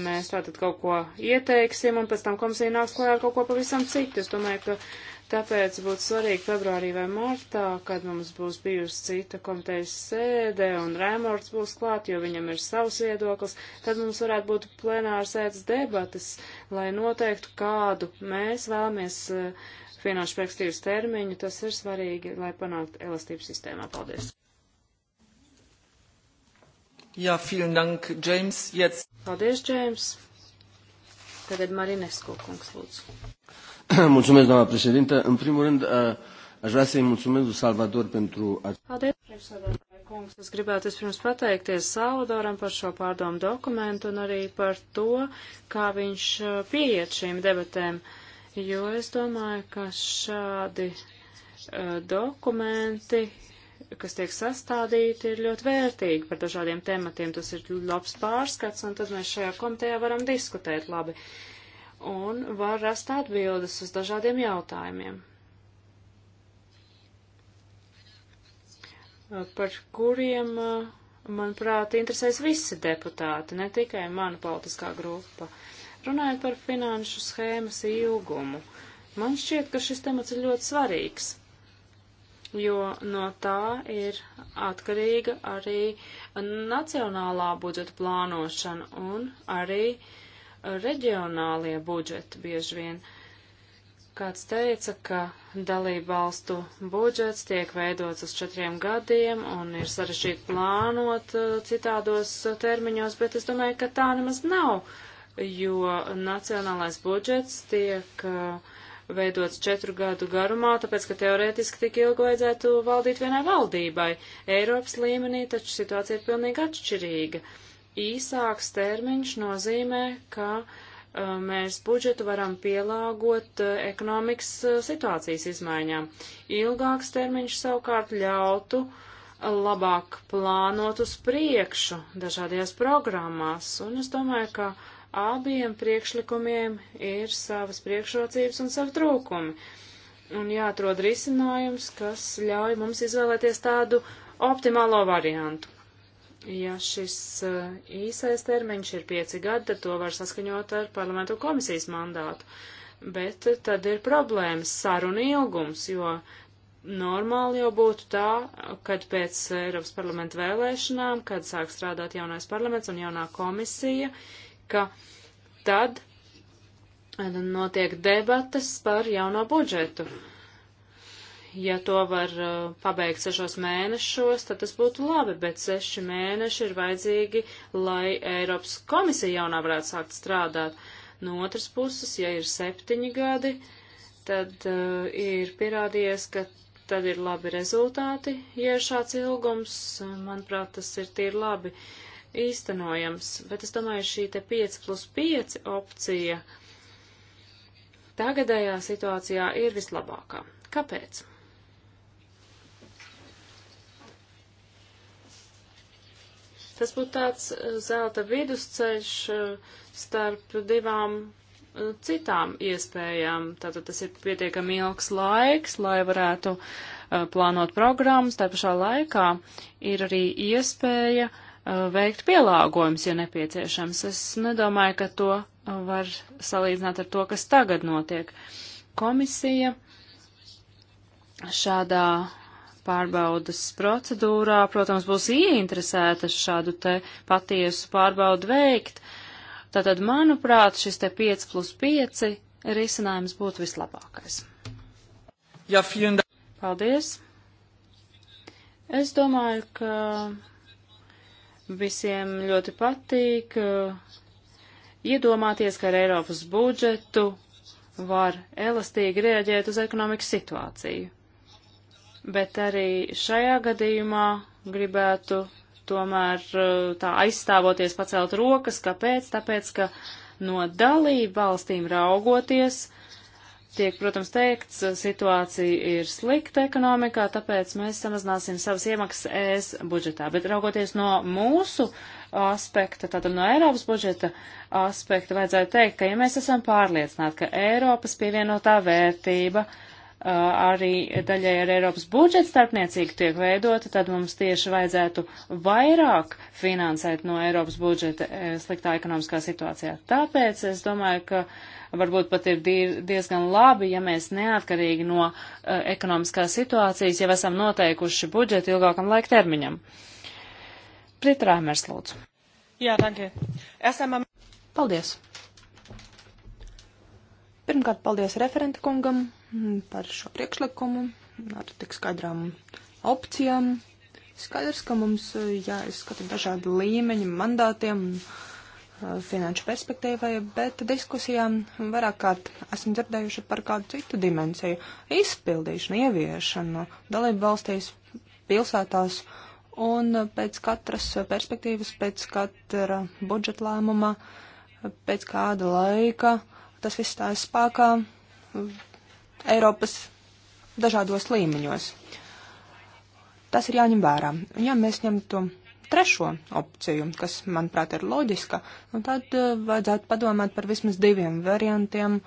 Mēs tātad kaut ko ieteiksim, un pēc tam komisija nāks klajā ar kaut ko pavisam citu. Es domāju, ka tāpēc būtu svarīgi februārī vai martā, kad mums būs bijusi cita komitejas sēde un Rēmorts būs klāt, jo viņam ir savs viedoklis, tad mums varētu būt plenāra sēdes debatas, lai noteiktu, kādu mēs vēlamies eh, finanšu perspektīvas termiņu. Tas ir svarīgi, lai panāktu elastību sistēmā. Paldies! Jā, vielen dank, James. Jetzt. Paldies, James. Tagad Marinescu, kungs, lūdzu. Mulțumesc, doamna președintă. În primul rând, aș vrea să-i mulțumesc lui Salvador pentru... Paldies, priekšsēdētāji kungs. Es gribētu vispirms pateikties Salvadoram par šo pārdomu dokumentu un arī par to, kā viņš pieiet šīm debatēm, jo es domāju, ka šādi dokumenti kas tiek sastādīti, ir ļoti vērtīgi par dažādiem tematiem. Tas ir labs pārskats, un tad mēs šajā komitejā varam diskutēt labi. Un var rast atbildes uz dažādiem jautājumiem. Par kuriem, manuprāt, interesēs visi deputāti, ne tikai mana politiskā grupa. Runājot par finanšu schēmas ilgumu, man šķiet, ka šis temats ir ļoti svarīgs jo no tā ir atkarīga arī nacionālā budžeta plānošana un arī reģionālie budžeti bieži vien. Kāds teica, ka dalību valstu budžets tiek veidots uz četriem gadiem un ir sarežģīti plānot uh, citādos uh, termiņos, bet es domāju, ka tā nemaz nav, jo nacionālais budžets tiek uh, veidots četru gadu garumā, tāpēc, ka teorētiski tik ilgi vajadzētu valdīt vienai valdībai. Eiropas līmenī taču situācija ir pilnīgi atšķirīga. Īsāks termiņš nozīmē, ka uh, mēs budžetu varam pielāgot uh, ekonomikas uh, situācijas izmaiņām. Ilgāks termiņš savukārt ļautu uh, labāk plānot uz priekšu dažādajās programmās, un es domāju, ka uh, abiem priekšlikumiem ir savas priekšrocības un savi trūkumi. Un jāatrod risinājums, kas ļauj mums izvēlēties tādu optimālo variantu. Ja šis uh, īsais termiņš ir pieci gadi, tad to var saskaņot ar parlamentu komisijas mandātu. Bet uh, tad ir problēmas saruna ilgums, jo normāli jau būtu tā, kad pēc Eiropas parlamenta vēlēšanām, kad sāk strādāt jaunais parlaments un jaunā komisija, ka tad eh, notiek debatas par jauno budžetu. Ja to var eh, pabeigt sešos mēnešos, tad tas būtu labi, bet seši mēneši ir vajadzīgi, lai Eiropas komisija jaunā varētu sākt strādāt. No otras puses, ja ir septiņi gadi, tad uh, ir pierādījies, ka tad ir labi rezultāti, ja ir šāds ilgums. Manuprāt, tas ir tīri labi. Uh, īstenojams, bet es domāju, šī te 5 plus 5 opcija tagadējā situācijā ir vislabākā. Kāpēc? Tas būtu tāds eh, zelta vidusceļš eh, starp divām eh, citām iespējām. Tātad tas ir pietiekami ilgs laiks, lai varētu uh, plānot programmas. Tā pašā laikā ir arī iespēja uh, Uh, veikt pielāgojums, ja nepieciešams. Es nedomāju, ka to uh, var salīdzināt ar to, kas tagad notiek. Komisija šādā pārbaudas procedūrā, protams, būs ieinteresēta šādu te patiesu pārbaudu veikt. Tātad, manuprāt, šis te 5 plus 5 risinājums būtu vislabākais. Jā, ja, Paldies! Es domāju, ka Visiem ļoti patīk uh, iedomāties, ka ar Eiropas budžetu var elastīgi rēģēt uz ekonomikas situāciju. Bet arī šajā gadījumā gribētu tomēr uh, tā aizstāvoties pacelt rokas. Kāpēc? Tāpēc, ka no dalību valstīm raugoties, uh, tiek, protams, teikts, situācija ir slikta ekonomikā, tāpēc mēs samazināsim savas iemaksas ES budžetā. Bet raugoties no mūsu aspekta, tātad no Eiropas budžeta aspekta, vajadzētu teikt, ka ja mēs esam pārliecināti, ka Eiropas pievienotā vērtība uh, arī daļai ar Eiropas budžetu starpniecīgi tiek veidota, tad mums tieši vajadzētu vairāk finansēt no Eiropas budžeta sliktā ekonomiskā situācijā. Tāpēc es domāju, ka varbūt pat ir diezgan labi, ja mēs neatkarīgi no uh, ekonomiskās situācijas jau esam noteikuši budžetu ilgākam laiktermiņam. Prita Rāmers, lūdzu. Jā, danke. Esam... Paldies. Pirmkārt, paldies referenta kungam par šo priekšlikumu ar tik skaidrām opcijām. Skaidrs, ka mums eh, jāizskata dažādi līmeņi mandātiem un eh, finanšu perspektīvai, bet diskusijām vairāk kārt esam dzirdējuši par kādu citu dimensiju - izpildīšanu, ieviešanu dalību valstīs, pilsētās un pēc katras perspektīvas, pēc katra budžeta lēmuma, pēc kāda laika uh, Tas viss tā spēkā mm, Eiropas dažādos līmeņos. Tas ir jāņem vērā. Un ja mēs ņemtu trešo opciju, kas, manuprāt, ir loģiska, nu tad uh, vajadzētu padomāt par vismaz diviem variantiem,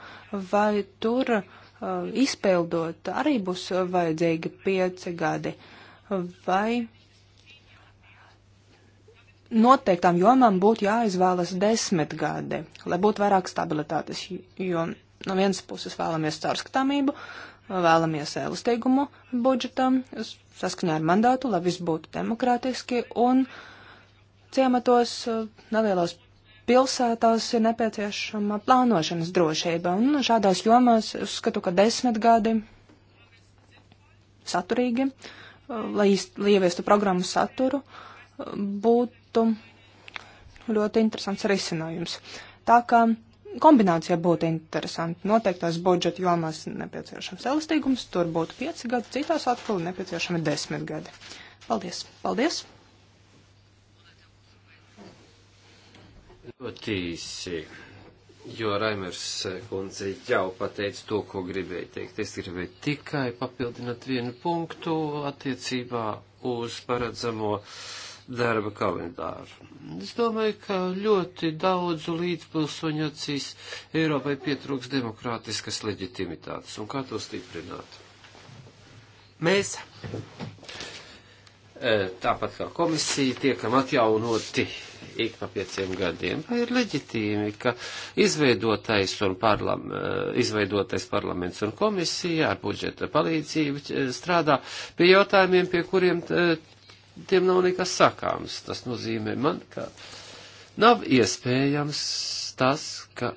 vai tur uh, izpildot arī būs vajadzīgi pieci gadi, vai noteiktām jomām būtu jāizvēlas desmit gadi, lai būtu vairāk stabilitātes, jo no vienas puses vēlamies caurskatāmību, vēlamies elastīgumu budžetam, saskaņā ar mandātu, lai viss būtu demokrātiski, un ciematos nelielos pilsētās ir nepieciešama plānošanas drošība, un šādās jomās uzskatu, ka desmit gadi saturīgi, lai, lai ieviestu programmu saturu, būtu būtu ļoti interesants risinājums. Tā kā kombinācija būtu interesanta. Noteiktās budžeta jomās nepieciešams elastīgums, tur būtu 5 gadi, citās atkal nepieciešami 10 gadi. Paldies! Paldies! Ļoti īsi, jo Raimers kundze jau pateica to, ko gribēja teikt. Es gribēju tikai papildināt vienu punktu attiecībā uz paredzamo uh, darba kalendāru. Es domāju, ka ļoti daudzu līdzpilsoņu acīs Eiropai pietrūks demokrātiskas leģitimitātes un kā to stiprināt. Mēs, e, tāpat kā komisija, tiekam atjaunoti ik pa pieciem gadiem. Vai ir leģitīmi, ka izveidotais, un parlam, e, izveidotais parlaments un komisija ar budžeta palīdzību e, strādā pie jautājumiem, pie kuriem tiem nav nekas sakāms. Tas nozīmē man, ka nav iespējams tas, ka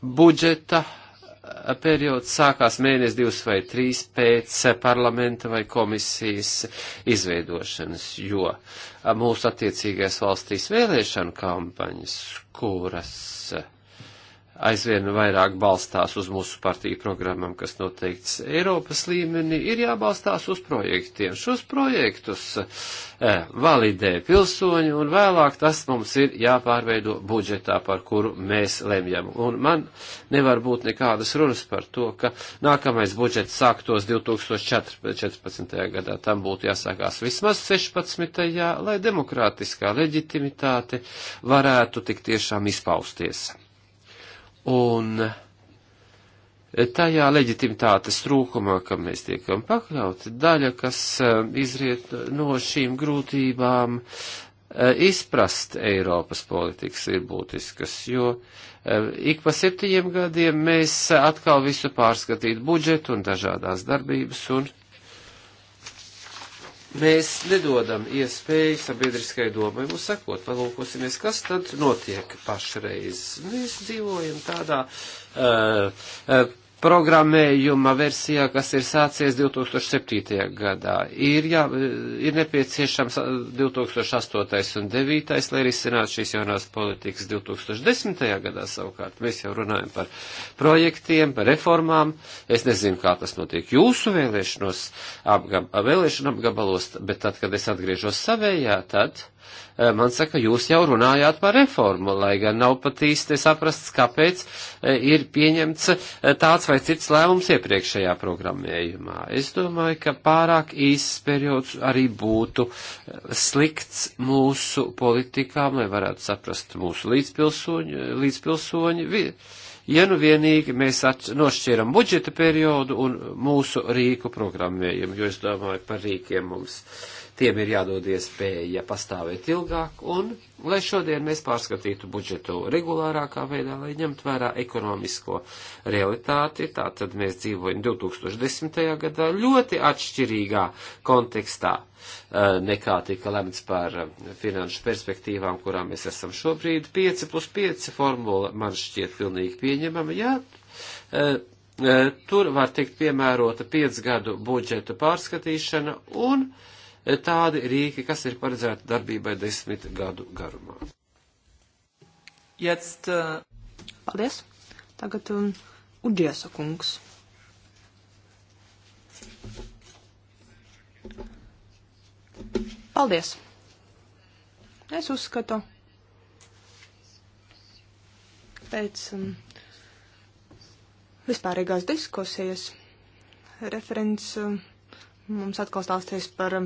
budžeta periods sākās mēnesis divs vai trīs pēc parlamenta vai komisijas izveidošanas, jo mūsu attiecīgais valstīs vēlēšana kampaņas, kuras uh, aizvien vairāk balstās uz mūsu partiju programmam, kas noteikts Eiropas līmenī, ir jābalstās uz projektiem. Šos projektus eh, validē pilsoņi un vēlāk tas mums ir jāpārveido budžetā, par kuru mēs lemjam. Un man nevar būt nekādas runas par to, ka nākamais budžets sāktos 2014. gadā. Tam būtu jāsākās vismaz 16. lai demokrātiskā leģitimitāte varētu tik tiešām izpausties un tajā leģitimitātes trūkumā, kam mēs tiekam pakļauti, daļa, kas eh, izriet no šīm grūtībām, eh, izprast Eiropas politikas ir būtiskas, jo eh, ik pa septiņiem gadiem mēs atkal visu pārskatīt budžetu un dažādās darbības un mēs nedodam iespēju sabiedriskai domai mums sakot, palūkosimies, kas tad notiek pašreiz. Mēs dzīvojam tādā uh, uh, programmējuma versijā, kas ir sācies 2007. gadā. Ir, jā, ir nepieciešams 2008. un 2009. lai risinātu šīs jaunās politikas 2010. gadā savukārt. Mēs jau runājam par projektiem, par reformām. Es nezinu, kā tas notiek jūsu vēlēšanos, apgab, vēlēšana apgabalos, bet tad, kad es atgriežos savējā, tad. Uh, Eh, man saka, jūs jau runājāt par reformu, lai gan nav pat īsti saprasts, kāpēc eh, ir pieņemts eh, tāds vai cits lēmums iepriekšējā programmējumā. Es domāju, ka pārāk īsts periods arī būtu slikts mūsu politikām, lai varētu saprast mūsu līdzpilsoņu. līdzpilsoņu ja nu vienīgi mēs nošķiram budžeta periodu un mūsu rīku programmējumu, jo es domāju par rīkiem mums. Uh, tiem ir jādod iespēja pastāvēt ilgāk, un lai šodien mēs pārskatītu budžetu regulārākā veidā, lai ņemt vērā ekonomisko realitāti, tā tad mēs dzīvojam 2010. gadā ļoti atšķirīgā kontekstā eh, nekā tika lemts par eh, finanšu perspektīvām, kurām mēs esam šobrīd. 5 plus 5 formula man šķiet pilnīgi pieņemama, jā. Eh, tur var tikt piemērota 5 gadu budžeta pārskatīšana un uh, tādi rīki, kas ir paredzēti darbībai desmit gadu garumā. Jetzt, uh... Paldies. Tagad um, Uģiesa kungs. Paldies. Es uzskatu, pēc um, vispārīgās diskusijas referents um, mums atkal stāstīs par um,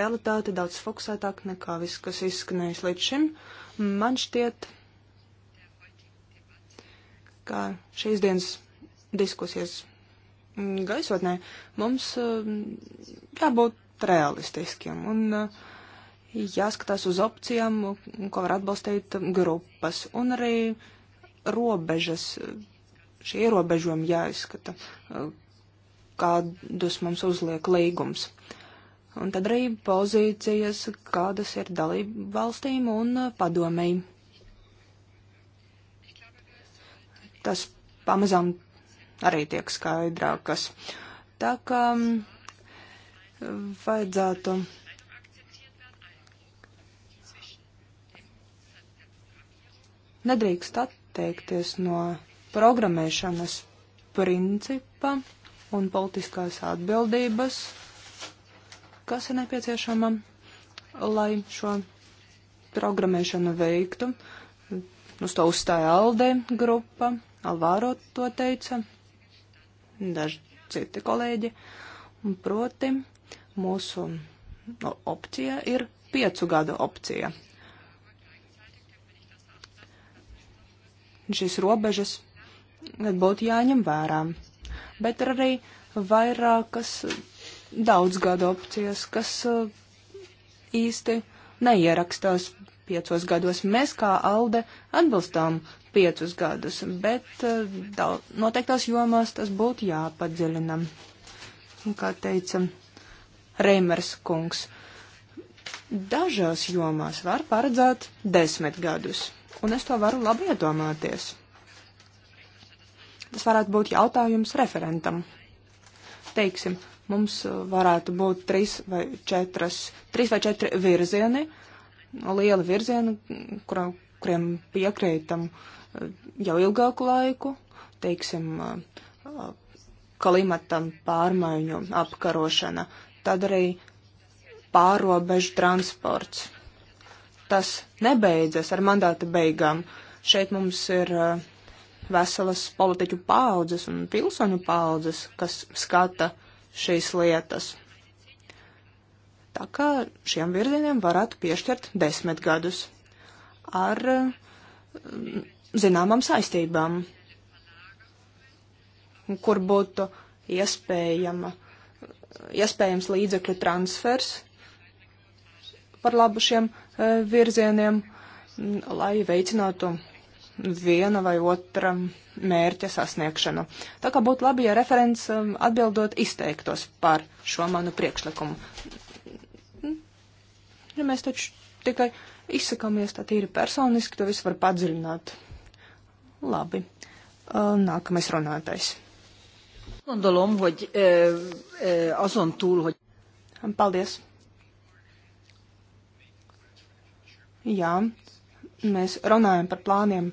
realitāti daudz fokusētāk nekā viss, kas izskanējis līdz šim. Man šķiet, ka šīs dienas diskusijas gaisotnē mums um, jābūt realistiskiem un uh, jāskatās uz opcijām, ko var atbalstīt grupas un arī robežas. Šie ierobežojumi jāizskata, uh, kādus mums uzliek līgums. Un tad arī pozīcijas, kādas ir dalību valstīm un uh, padomēji. Tas pamazām arī tiek skaidrākas. Tā kā um, vajadzētu. Nedrīkst atteikties no programmēšanas principa un politiskās atbildības, kas ir nepieciešama, lai šo programmēšanu veiktu. Uz to uzstāja Alde grupa, Alvāro to teica, daži citi kolēģi. Un proti, mūsu opcija ir piecu gadu opcija. Šīs robežas būtu jāņem vērā bet ir arī vairākas daudzgadu opcijas, kas uh, īsti neierakstās piecos gados. Mēs kā Alde atbalstām piecus gadus, bet uh, noteiktās jomās tas būtu jāpadziļina. Kā teica Reimers kungs, dažās jomās var paredzēt desmit gadus, un es to varu labi iedomāties. Tas varētu būt jautājums referentam. Teiksim, mums uh, varētu būt trīs vai četras, trīs vai četri virzieni, lieli virzieni, kura, kuriem piekrītam uh, jau ilgāku laiku, teiksim, uh, klimatam pārmaiņu apkarošana, tad arī pārobežu transports. Tas nebeidzas ar mandāta beigām. Šeit mums ir uh, veselas politiķu paudzes un pilsoņu paudzes, kas skata šīs lietas. Tā kā šiem virzieniem varētu piešķirt desmit gadus ar mm, zināmām saistībām, kur būtu iespējama, iespējams līdzekļu transfers par labu šiem e, virzieniem, mm, lai veicinātu viena vai otra mērķa sasniegšanu. Tā kā būtu labi, ja referents um, atbildot izteiktos par šo manu priekšlikumu. Mm. Ja mēs taču tikai izsakāmies tā tīri personiski, to visu var padziļināt. Labi. Uh, nākamais runātais. Gondolom, hogy azon túl, hogy... Paldies. Jā, Mēs runājam par plāniem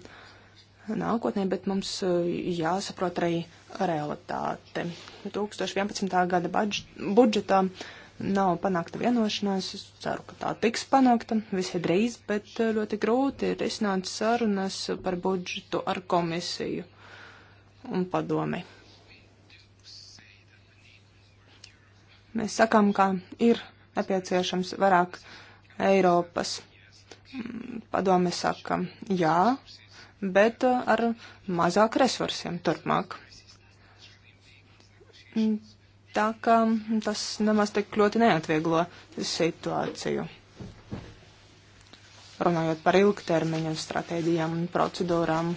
nākotnē, bet mums eh, jāsaprot arī realitāte. 2011. gada badž, budžetā nav panākta vienošanās. Es ceru, ka tā tiks panākta visai drīz, bet eh, ļoti grūti ir izsnākt sarunas par budžetu ar komisiju un padomi. Mēs sakām, ka ir nepieciešams vairāk Eiropas Padome saka, jā, bet uh, ar mazāk resursiem turpmāk. Tā kā tas nemaz tik ļoti neatvieglo situāciju. Runājot par ilgtermiņa stratēģijām un procedūrām.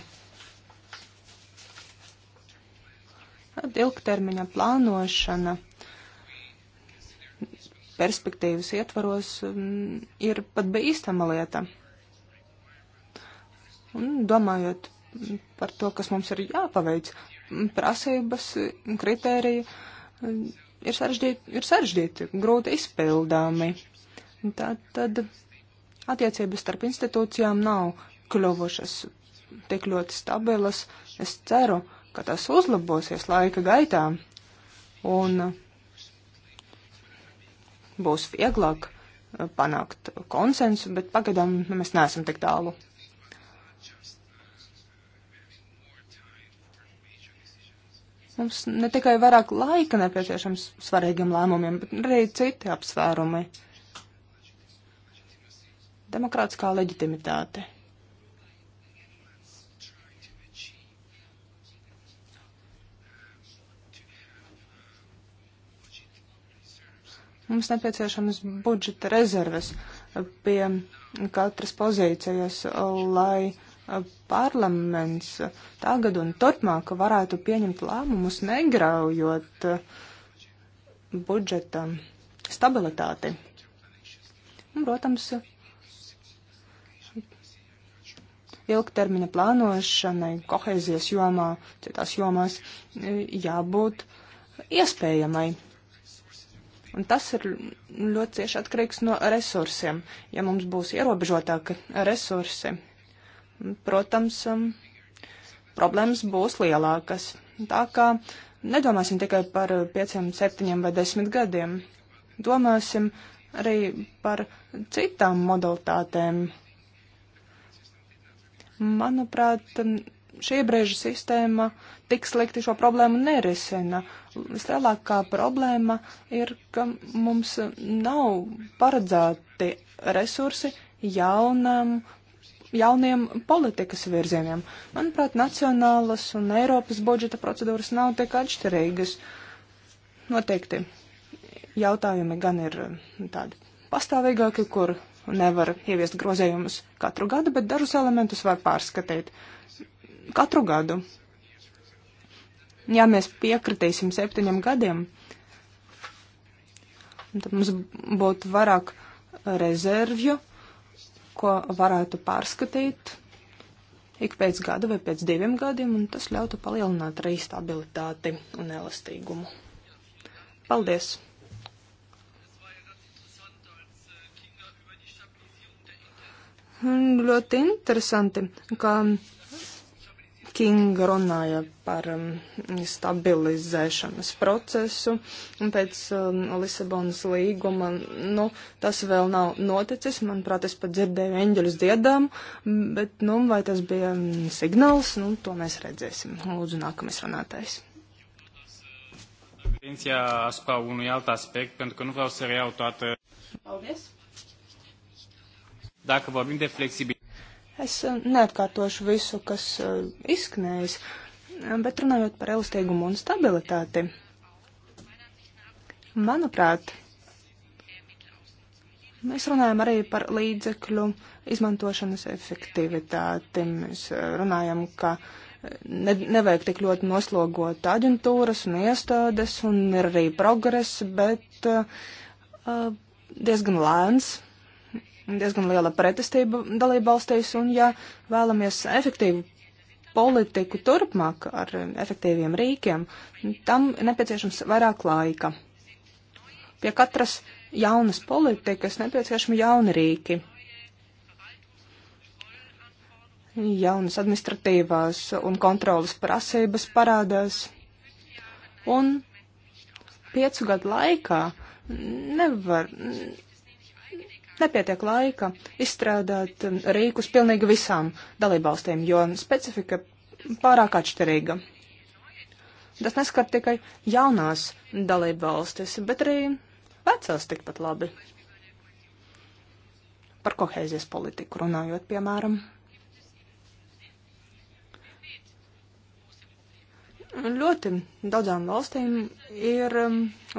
Tad ilgtermiņa plānošana perspektīvas ietvaros mm, ir pat bīstama lieta. Un domājot par to, kas mums ir jāpaveic, mm, prasības, mm, kritērija ir sarežģīti, ir sarežģīti grūti izpildāmi. Tā tad attiecības starp institūcijām nav kļuvušas tik ļoti stabilas. Es ceru, ka tas uzlabosies laika gaitā. Un būs vieglāk eh, panākt konsensu, bet pagaidām mēs neesam tik tālu. Mums ne tikai vairāk laika nepieciešams svarīgiem lēmumiem, bet arī citi apsvērumi. Demokrātiskā leģitimitāte. Mums nepieciešamas budžeta rezerves pie katras pozīcijas, lai parlaments tagad un turpmāk varētu pieņemt lēmumus, negraujot budžeta stabilitāti. Un, protams, ilgtermiņa plānošanai, kohēzijas jomā, citās jomās jābūt iespējamai. Un tas ir ļoti cieši atkarīgs no resursiem. Ja mums būs ierobežotāki resursi, protams, um, problēmas būs lielākas. Tā kā nedomāsim tikai par pieciem, septiņiem vai desmit gadiem. Domāsim arī par citām modalitātēm. Manuprāt, šī brīža sistēma tik slikti šo problēmu nerisina. Lielākā problēma ir, ka mums nav paredzēti resursi jaunam, jauniem politikas virzieniem. Manuprāt, nacionālas un Eiropas budžeta procedūras nav tik atšķirīgas. Noteikti jautājumi gan ir tādi pastāvīgāki, kur nevar ieviest grozījumus katru gadu, bet dažus elementus var pārskatīt katru gadu. Ja mēs piekritīsim septiņiem gadiem, tad mums būtu vairāk rezervju, ko varētu pārskatīt ik pēc gada vai pēc diviem gadiem, un tas ļautu palielināt arī stabilitāti un elastīgumu. Paldies! Ļoti interesanti, ka King runāja par um, stabilizēšanas procesu, un pēc um, Lisabonas līguma, nu, tas vēl nav noticis, manuprāt, es pat dzirdēju eņģeļus dziedām, bet, nu, vai tas bija um, signāls, nu, to mēs redzēsim. Lūdzu, nākamais runātājs. Atenția asupra unui alt aspect, pentru că nu vreau să reiau toată. Dacă vorbim de flexibilitate, Es eh, neatkārtošu visu, kas eh, izskanējis, eh, bet runājot par elastīgumu un stabilitāti, manuprāt, mēs runājam arī par līdzekļu izmantošanas efektivitāti. Mēs runājam, ka ne, nevajag tik ļoti noslogot aģentūras un iestādes, un ir arī progress, bet uh, diezgan lēns diezgan liela pretestība dalība valstīs, un ja vēlamies efektīvu politiku turpmāk ar efektīviem rīkiem, tam nepieciešams vairāk laika. Pie katras jaunas politikas nepieciešami jauni rīki, jaunas administratīvās un kontrolas prasības parādās, un piecu gadu laikā nevar, nepietiek laika izstrādāt rīkus pilnīgi visām dalībvalstīm, jo specifika pārāk atšķirīga. Tas neskar tikai jaunās dalībvalstis, bet arī vecās tikpat labi. Par kohēzijas politiku runājot, piemēram. Ļoti daudzām valstīm ir um,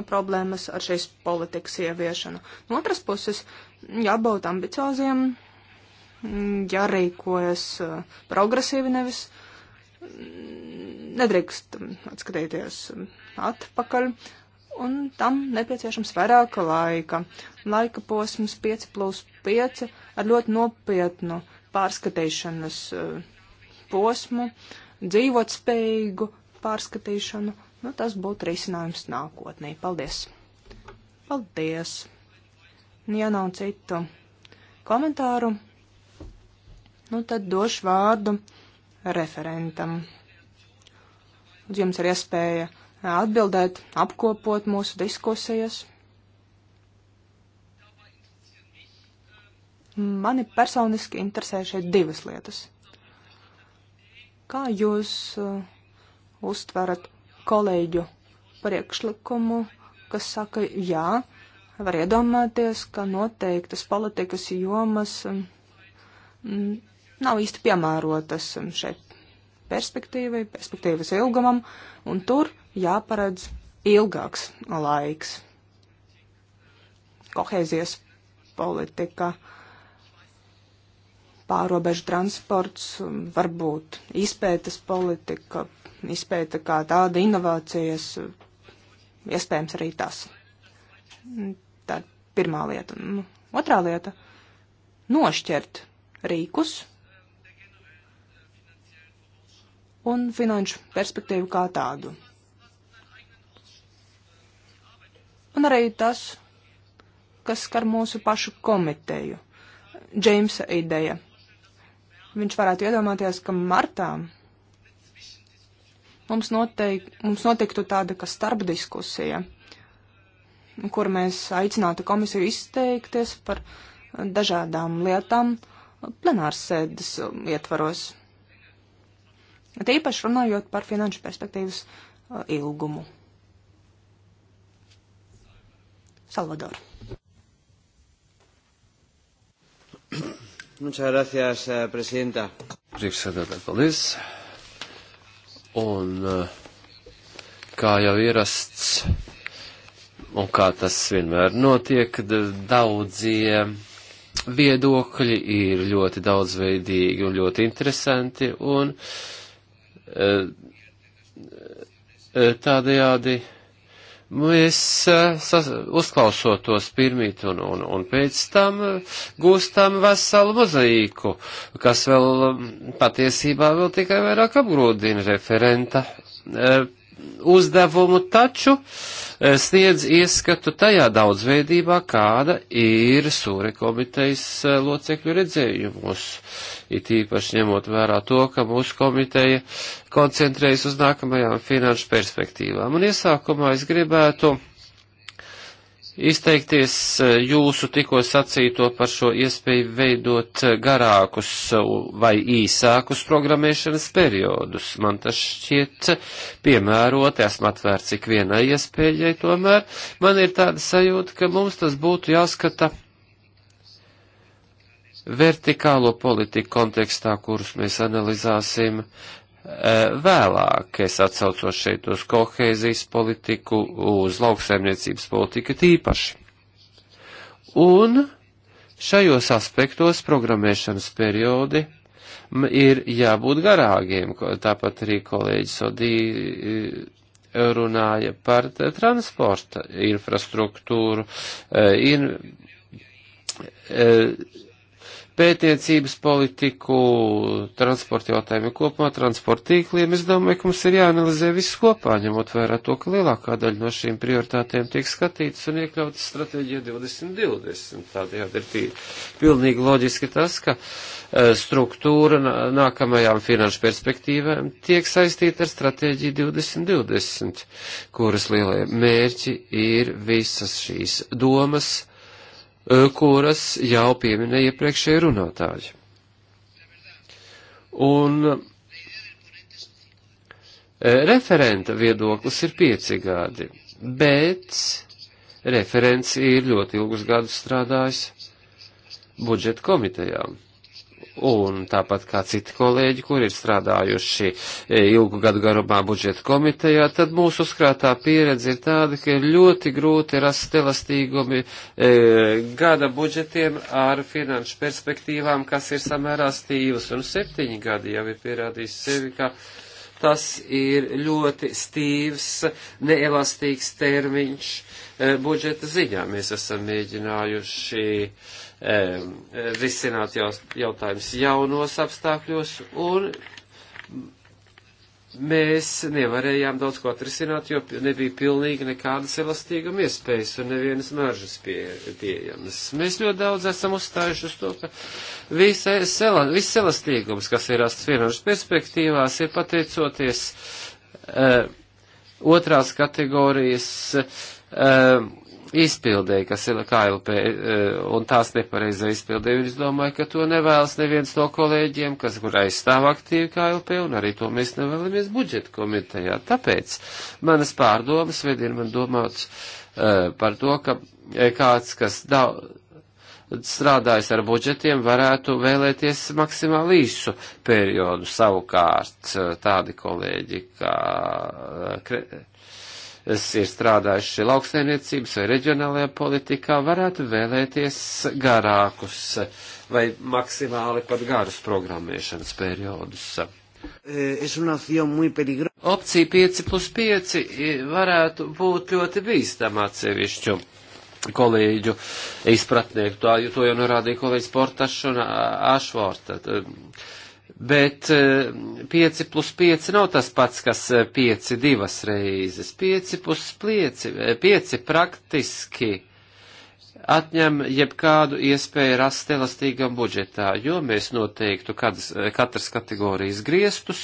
problēmas ar šīs politikas ieviešanu. No otras puses, jābūt ambicioziem, jārīkojas uh, progresīvi nevis. Nedrīkst um, atskatīties um, atpakaļ, un tam nepieciešams vairāk laika. Laika posms 5 plus 5 ar ļoti nopietnu pārskatīšanas uh, posmu, dzīvot spējīgu pārskatīšanu. Nu, tas būtu risinājums nākotnē. Paldies! Paldies! Nu, ja nav citu komentāru, nu tad došu vārdu referentam. Uz jums ir iespēja atbildēt, apkopot mūsu diskusijas. Mani personiski interesē šeit divas lietas. Kā jūs uh, uztverat kolēģu priekšlikumu, kas saka, jā, uh, Var iedomāties, ka noteiktas politikas jomas um, nav īsti piemērotas um, šai perspektīvai, perspektīvas ilgumam, un tur jāparedz ilgāks laiks. Kohēzijas politika, pārobežu transports, um, varbūt izpētes politika, izpēta kā tāda inovācijas, iespējams arī tas. Pirmā lieta. Nu, otrā lieta - nošķert rīkus un finanšu perspektīvu kā tādu. Un arī tas, kas skar mūsu pašu komiteju. Džeimsa ideja. Viņš varētu iedomāties, ka martā mums, noteik, mums notiktu tāda, ka starp diskusija – kur mēs aicinātu komisiju izteikties par dažādām lietām plenāras sēdes um, ietvaros. Tīpaši runājot par finanšu perspektīvas uh, ilgumu. Salvador. Muchas gracias, eh, presidenta. Priekšsēdētāji, paldies. Un eh, kā jau ierasts Un kā tas vienmēr notiek, daudzie viedokļi ir ļoti daudzveidīgi un ļoti interesanti, un e, e, tādējādi mēs e, uzklausot tos pirmīt un, un, un pēc tam gūstam veselu mozaīku, kas vēl patiesībā vēl tikai vairāk apgrūdina referenta uzdevumu, taču eh, sniedz ieskatu tajā daudzveidībā, kāda ir Sūre komitejas eh, locekļu redzējumos. It īpaši ņemot vērā to, ka mūsu komiteja koncentrējas uz nākamajām finanšu perspektīvām. Un iesākumā es gribētu izteikties eh, jūsu tikko sacīto par šo iespēju veidot eh, garākus eh, vai īsākus programmēšanas periodus. Man tas šķiet piemēroti, esmu atvērts ik vienai iespējai, tomēr man ir tāda sajūta, ka mums tas būtu jāskata vertikālo politiku kontekstā, kurus mēs analizāsim Eh, vēlāk. Es atsaucos šeit uz kohēzijas politiku, uz lauksaimniecības politiku tīpaši. Un šajos aspektos programmēšanas periodi ir jābūt garāgiem, tāpat arī kolēģis Odī eh, runāja par transporta infrastruktūru, eh, in, pētniecības politiku, transporta jautājumu kopumā, transporta tīkliem. Es domāju, ka mums ir jāanalizē viss kopā, ņemot vērā to, ka lielākā daļa no šīm prioritātēm tiek skatītas un iekļautas stratēģija 2020. Tādējādi ir tī, pilnīgi loģiski tas, ka e, struktūra nākamajām finanšu perspektīvēm tiek saistīta ar stratēģiju 2020, kuras lielie mērķi ir visas šīs domas, E, kuras jau pieminēja iepriekšēji runātāji. Un e, referenta viedoklis ir pieci gadi, bet referents ir ļoti ilgus gadus strādājis budžeta komitejām un tāpat kā citi kolēģi, kur ir strādājuši e, ilgu gadu garumā budžeta komitejā, tad mūsu uzkrātā pieredze ir tāda, ka ir ļoti grūti rast elastīgumi e, gada budžetiem ar finanšu perspektīvām, kas ir samērā stīvas, un septiņi gadi jau ir pierādījis sevi, ka tas ir ļoti stīvs, neelastīgs termiņš e, budžeta ziņā. Mēs esam mēģinājuši. E, risināt jautājumus jaunos apstākļos, un mēs nevarējām daudz ko atrisināt, jo nebija pilnīgi nekādas elastīguma iespējas un nevienas maržas pie, pieejamas. Mēs ļoti daudz esam uzstājuši uz to, ka viss elastīgums, kas ir rasts finanšu perspektīvās, ir pateicoties uh, otrās kategorijas uh, izpildēji, kas ir KLP, eh, un tās nepareizai izpildēji, un es domāju, ka to nevēlas neviens no kolēģiem, kas, kur aizstāv aktīvi KLP, un arī to mēs nevēlamies budžeta komitejā. Tāpēc manas pārdomas vedina man domāts uh, par to, ka eh, kāds, kas daudz strādājis ar budžetiem, varētu vēlēties maksimāli īsu periodu savukārt tādi kolēģi kā. Uh, ir strādājuši lauksainiecības vai reģionālajā politikā, varētu vēlēties garākus vai maksimāli pat garus programmēšanas periodus. Opcija 5 plus 5 varētu būt ļoti bīstama atsevišķu kolēģu izpratnieku. Tā, to jau norādīja kolēģis Portašs un Ašvorta. Tad, um, Bet 5 eh, plus 5 nav tas pats, kas 5 eh, divas reizes. 5 plus 5, 5 eh, praktiski atņem jebkādu iespēju rast elastīgam budžetā, jo mēs noteiktu kādas, katras kategorijas griestus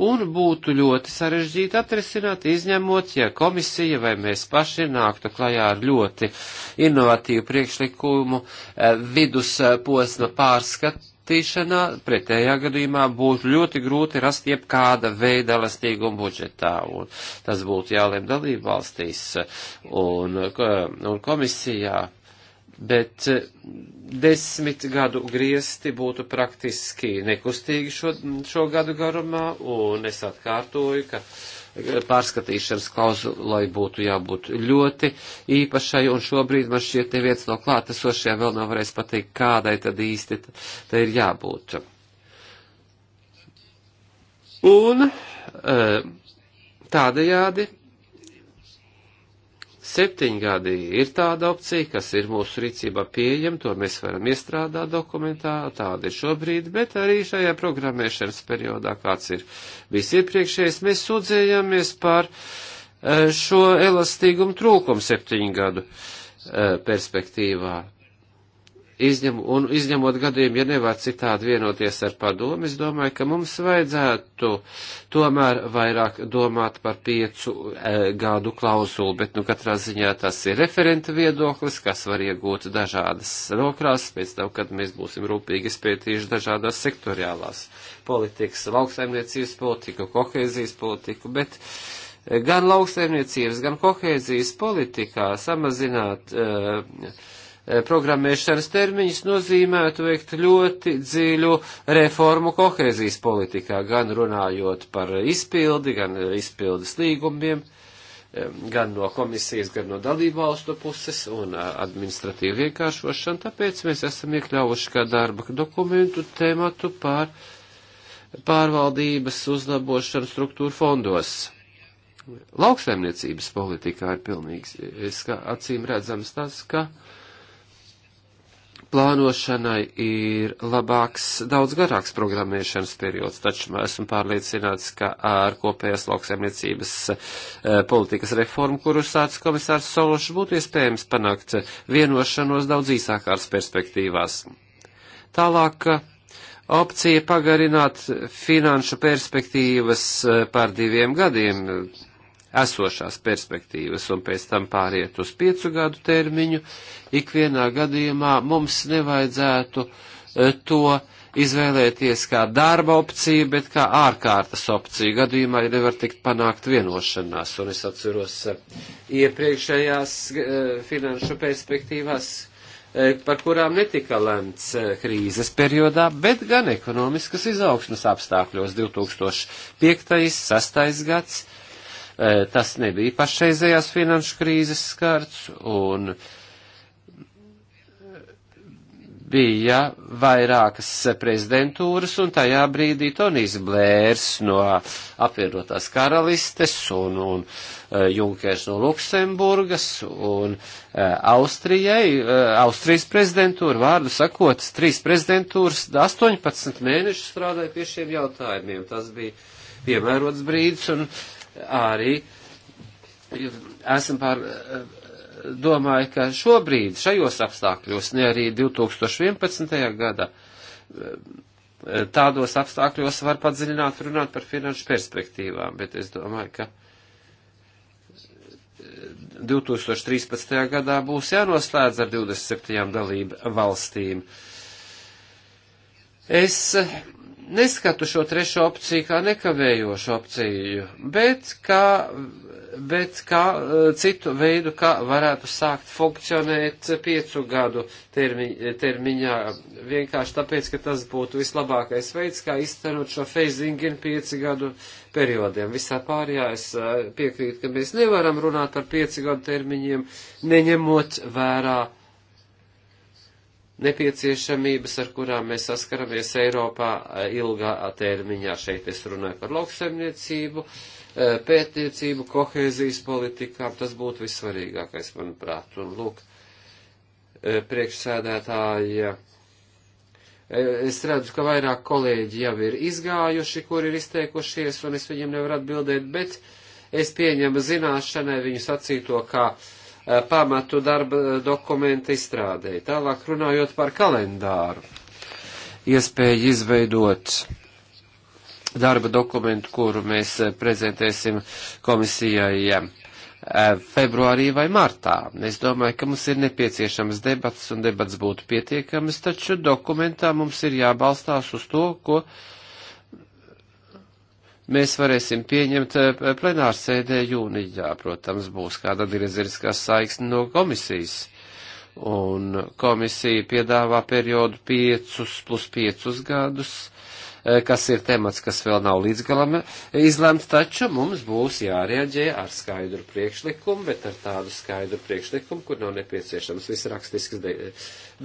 un būtu ļoti sarežģīti atrisināt, izņemot, ja komisija vai mēs paši nāktu klajā ar ļoti inovatīvu priekšlikumu vidusposma pārskatu skatīšanā, pretējā gadījumā būtu ļoti grūti rast jebkāda veida elastīgumu budžetā, un tas būtu jālem dalību valstīs un, un komisijā. Bet desmit gadu griesti būtu praktiski nekustīgi šo, šo gadu garumā, un es atkārtoju, ka. Uh, pārskatīšanas klauzulai būtu jābūt ļoti īpašai, un šobrīd man šķiet neviens no klātesošajiem vēl nav varējis pateikt, kādai tad īsti tai ir jābūt. Un eh, tādējādi Septiņgadī ir tāda opcija, kas ir mūsu rīcībā pieejama, to mēs varam iestrādāt dokumentā, tāda ir šobrīd, bet arī šajā programmēšanas periodā, kāds ir bijis iepriekšējais, mēs sūdzējāmies par eh, šo elastīgumu trūkumu septiņu gadu eh, perspektīvā izņem, un izņemot gadījumu, ja nevar citādi vienoties ar padomu, es domāju, ka mums vajadzētu tomēr vairāk domāt par piecu e, gadu klausulu, bet nu katrā ziņā tas ir referenta viedoklis, kas var iegūt dažādas nokrās, pēc tam, kad mēs būsim rūpīgi spētījuši dažādās sektoriālās politikas, lauksaimniecības politiku, kohēzijas politiku, bet e, gan lauksaimniecības, gan kohēzijas politikā samazināt uh, e, Eh, programmēšanas termiņus nozīmētu veikt ļoti dziļu reformu kohēzijas politikā, gan runājot par izpildi, gan izpildes līgumiem, eh, gan no komisijas, gan no dalībvalstu puses un eh, administratīvu vienkāršošanu. Tāpēc mēs esam iekļauši kā darba dokumentu tēmatu par pārvaldības uzlabošanu struktūru fondos. Lauksaimniecības politikā ir pilnīgi acīm redzams tas, ka uh, plānošanai ir labāks, daudz garāks programmēšanas periods, taču esmu pārliecināts, ka ar kopējās lauksaimniecības eh, politikas reformu, kuru sācis komisārs Sološs, būtu iespējams panākt vienošanos daudz īsākās perspektīvās. Tālāk opcija pagarināt finanšu perspektīvas eh, par diviem gadiem esošās perspektīvas un pēc tam pāriet uz piecu gadu termiņu, ikvienā gadījumā mums nevajadzētu e, to izvēlēties kā darba opciju, bet kā ārkārtas opciju. Gadījumā ja nevar tikt panākt vienošanās, un es atceros e, iepriekšējās e, finanšu perspektīvās, par kurām netika lemts krīzes periodā, bet gan ekonomiskas izaugsmas apstākļos 2005. 6. gads Eh, tas nebija pašreizējās finanšu krīzes skarts un bija vairākas prezidentūras, un tajā brīdī Tonijs Blērs no apvienotās karalistes un, un eh, Junkers no Luksemburgas un eh, Austrijai, Austrijas prezidentūra, vārdu sakot, trīs prezidentūras 18 mēnešus strādāja pie šiem jautājumiem. Tas bija piemērots brīdis, un arī esam pār, domāju, ka šobrīd, šajos apstākļos, ne arī 2011. gada, tādos apstākļos var padziļināt runāt par finanšu perspektīvām, bet es domāju, ka 2013. gadā būs jānoslēdz ar 27 dalību valstīm. Es neskatu šo trešo opciju kā nekavējošu opciju, bet kā, bet kā eh, citu veidu, kā varētu sākt funkcionēt piecu gadu termi, termiņā, vienkārši tāpēc, ka tas būtu vislabākais veids, kā iztenot šo phasing in pieci gadu periodiem. Visā pārējā es eh, piekrītu, ka mēs nevaram runāt par pieci gadu termiņiem, neņemot vērā nepieciešamības, ar kurām mēs saskaramies Eiropā eh, ilgā termiņā. Šeit es runāju par lauksaimniecību, eh, pētniecību, kohēzijas politikām. Tas būtu vissvarīgākais, manuprāt. Un lūk, eh, priekšsēdētāji, es redzu, ka vairāk kolēģi jau ir izgājuši, kur ir izteikušies, un es viņiem nevaru atbildēt, bet es pieņemu zināšanai viņu sacīto, ka. Kā Eh, pamatu darba eh, dokumenta izstrādē. Tālāk runājot par kalendāru, iespēju izveidot darba dokumentu, kuru mēs eh, prezentēsim komisijai februārī vai martā. Es domāju, ka mums ir nepieciešams debats, un debats būtu pietiekams, taču dokumentā mums ir jābalstās uz to, ko uh, mēs varēsim pieņemt eh, plenārsēdē jūnijā. Protams, būs kāda griezeriskā saiksne no komisijas. Un komisija piedāvā periodu 5 plus 5 gadus Eh, kas ir temats, kas vēl nav līdz galam eh, izlemts, taču mums būs jārieģē ar skaidru priekšlikumu, bet ar tādu skaidru priekšlikumu, kur nav nepieciešams viss rakstisks eh,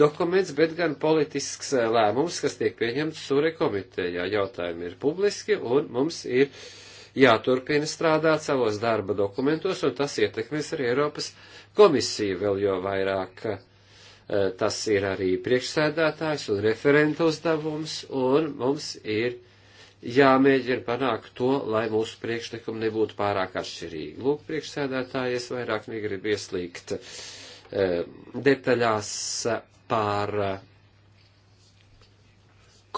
dokuments, bet gan politisks lēmums, kas tiek pieņemts sure komitejā. Jautājumi ir publiski un mums ir jāturpina strādāt savos darba dokumentos, un tas ietekmēs arī Eiropas komisiju vēl jo vairāk Eh, tas ir arī priekšsēdētājs un referenta uzdevums, un mums ir jāmēģina panākt to, lai mūsu priekšlikumi nebūtu pārāk atšķirīgi. Lūk, priekšsēdētāji, es vairāk negribu ieslīgt eh, detaļās par eh,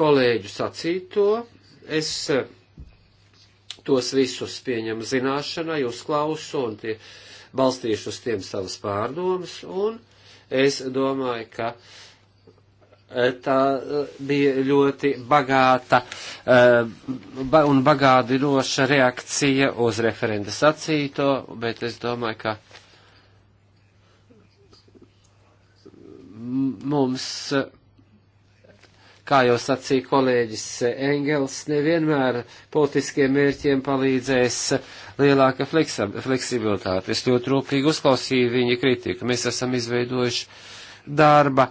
kolēģu sacīto. Es tos visus pieņemu zināšanai, uzklausu un tie, balstīšu uz tiem savas pārdomas un Es domāju, ka e, tā e, bija ļoti bagāta e, un bagādinoša reakcija uz referenda sacīto, bet es domāju, ka mums Kā jau sacīja kolēģis Engels, nevienmēr politiskiem mērķiem palīdzēs lielāka fleksibilitāte. Es ļoti rūpīgi uzklausīju viņa kritiku. Mēs esam izveidojuši darba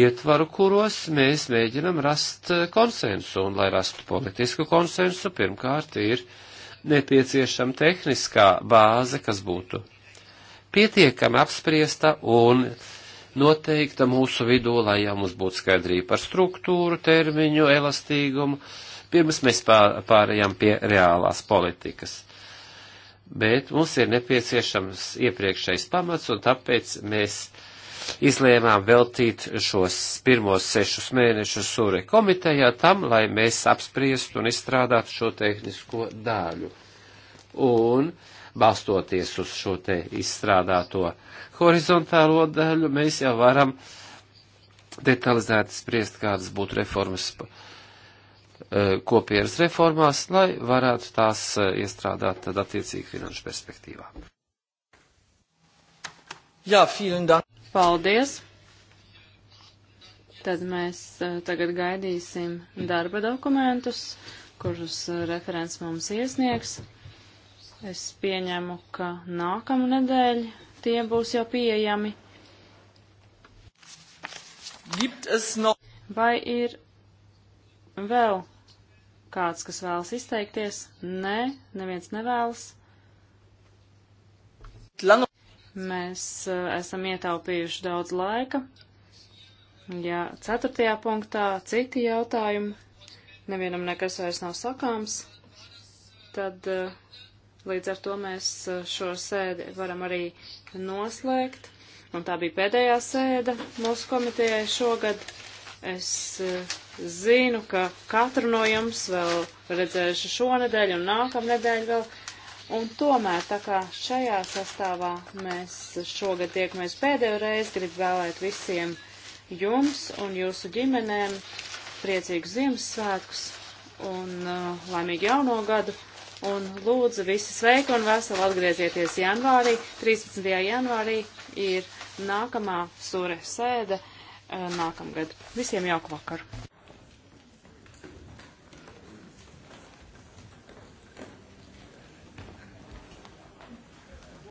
ietvaru, kuros mēs mēģinam rast konsensu, un lai rastu politisku konsensu, pirmkārt ir nepieciešama tehniskā bāze, kas būtu pietiekami apspriesta un uh, noteikta mūsu vidū, lai jau mums būtu skaidrība par struktūru, termiņu, elastīgumu, pirms mēs pārējām pie reālās politikas. Bet mums ir nepieciešams iepriekšējais pamats, un tāpēc mēs izlēmām veltīt šos pirmos sešus mēnešus Sūre komitejā tam, lai mēs apspriestu un izstrādātu šo tehnisko daļu. Un uh, balstoties uz šo te izstrādāto horizontālo daļu, mēs jau varam detalizēti spriest, kādas būtu reformas eh, kopienas reformās, lai varētu tās eh, iestrādāt tad attiecīgi finanšu perspektīvā. Jā, vielen dank. Paldies. Tad mēs eh, tagad gaidīsim darba dokumentus, kurus referents mums iesniegs. Es pieņemu, ka nākamu nedēļu tie būs jau pieejami. Vai ir vēl kāds, kas vēlas izteikties? Nē, neviens nevēlas. Mēs uh, esam ietaupījuši daudz laika. Ja ceturtajā punktā citi jautājumi, nevienam nekas vairs nav sakāms, tad uh, Līdz ar to mēs eh, šo sēdi varam arī noslēgt. Un tā bija pēdējā sēde mūsu komitejai šogad. Es eh, zinu, ka katru no jums vēl redzēšu šonadēļ un nākamnedēļ vēl. Un tomēr, tā kā šajā sastāvā mēs šogad tiekamies pēdējo reizi, gribu vēlēt visiem jums un jūsu ģimenēm priecīgus Ziemassvētkus un uh, laimīgu jauno gadu! un lūdzu visi sveiki un veseli atgriezieties janvārī. 13. janvārī ir nākamā sure sēde eh, nākamgad. Visiem jauku vakaru!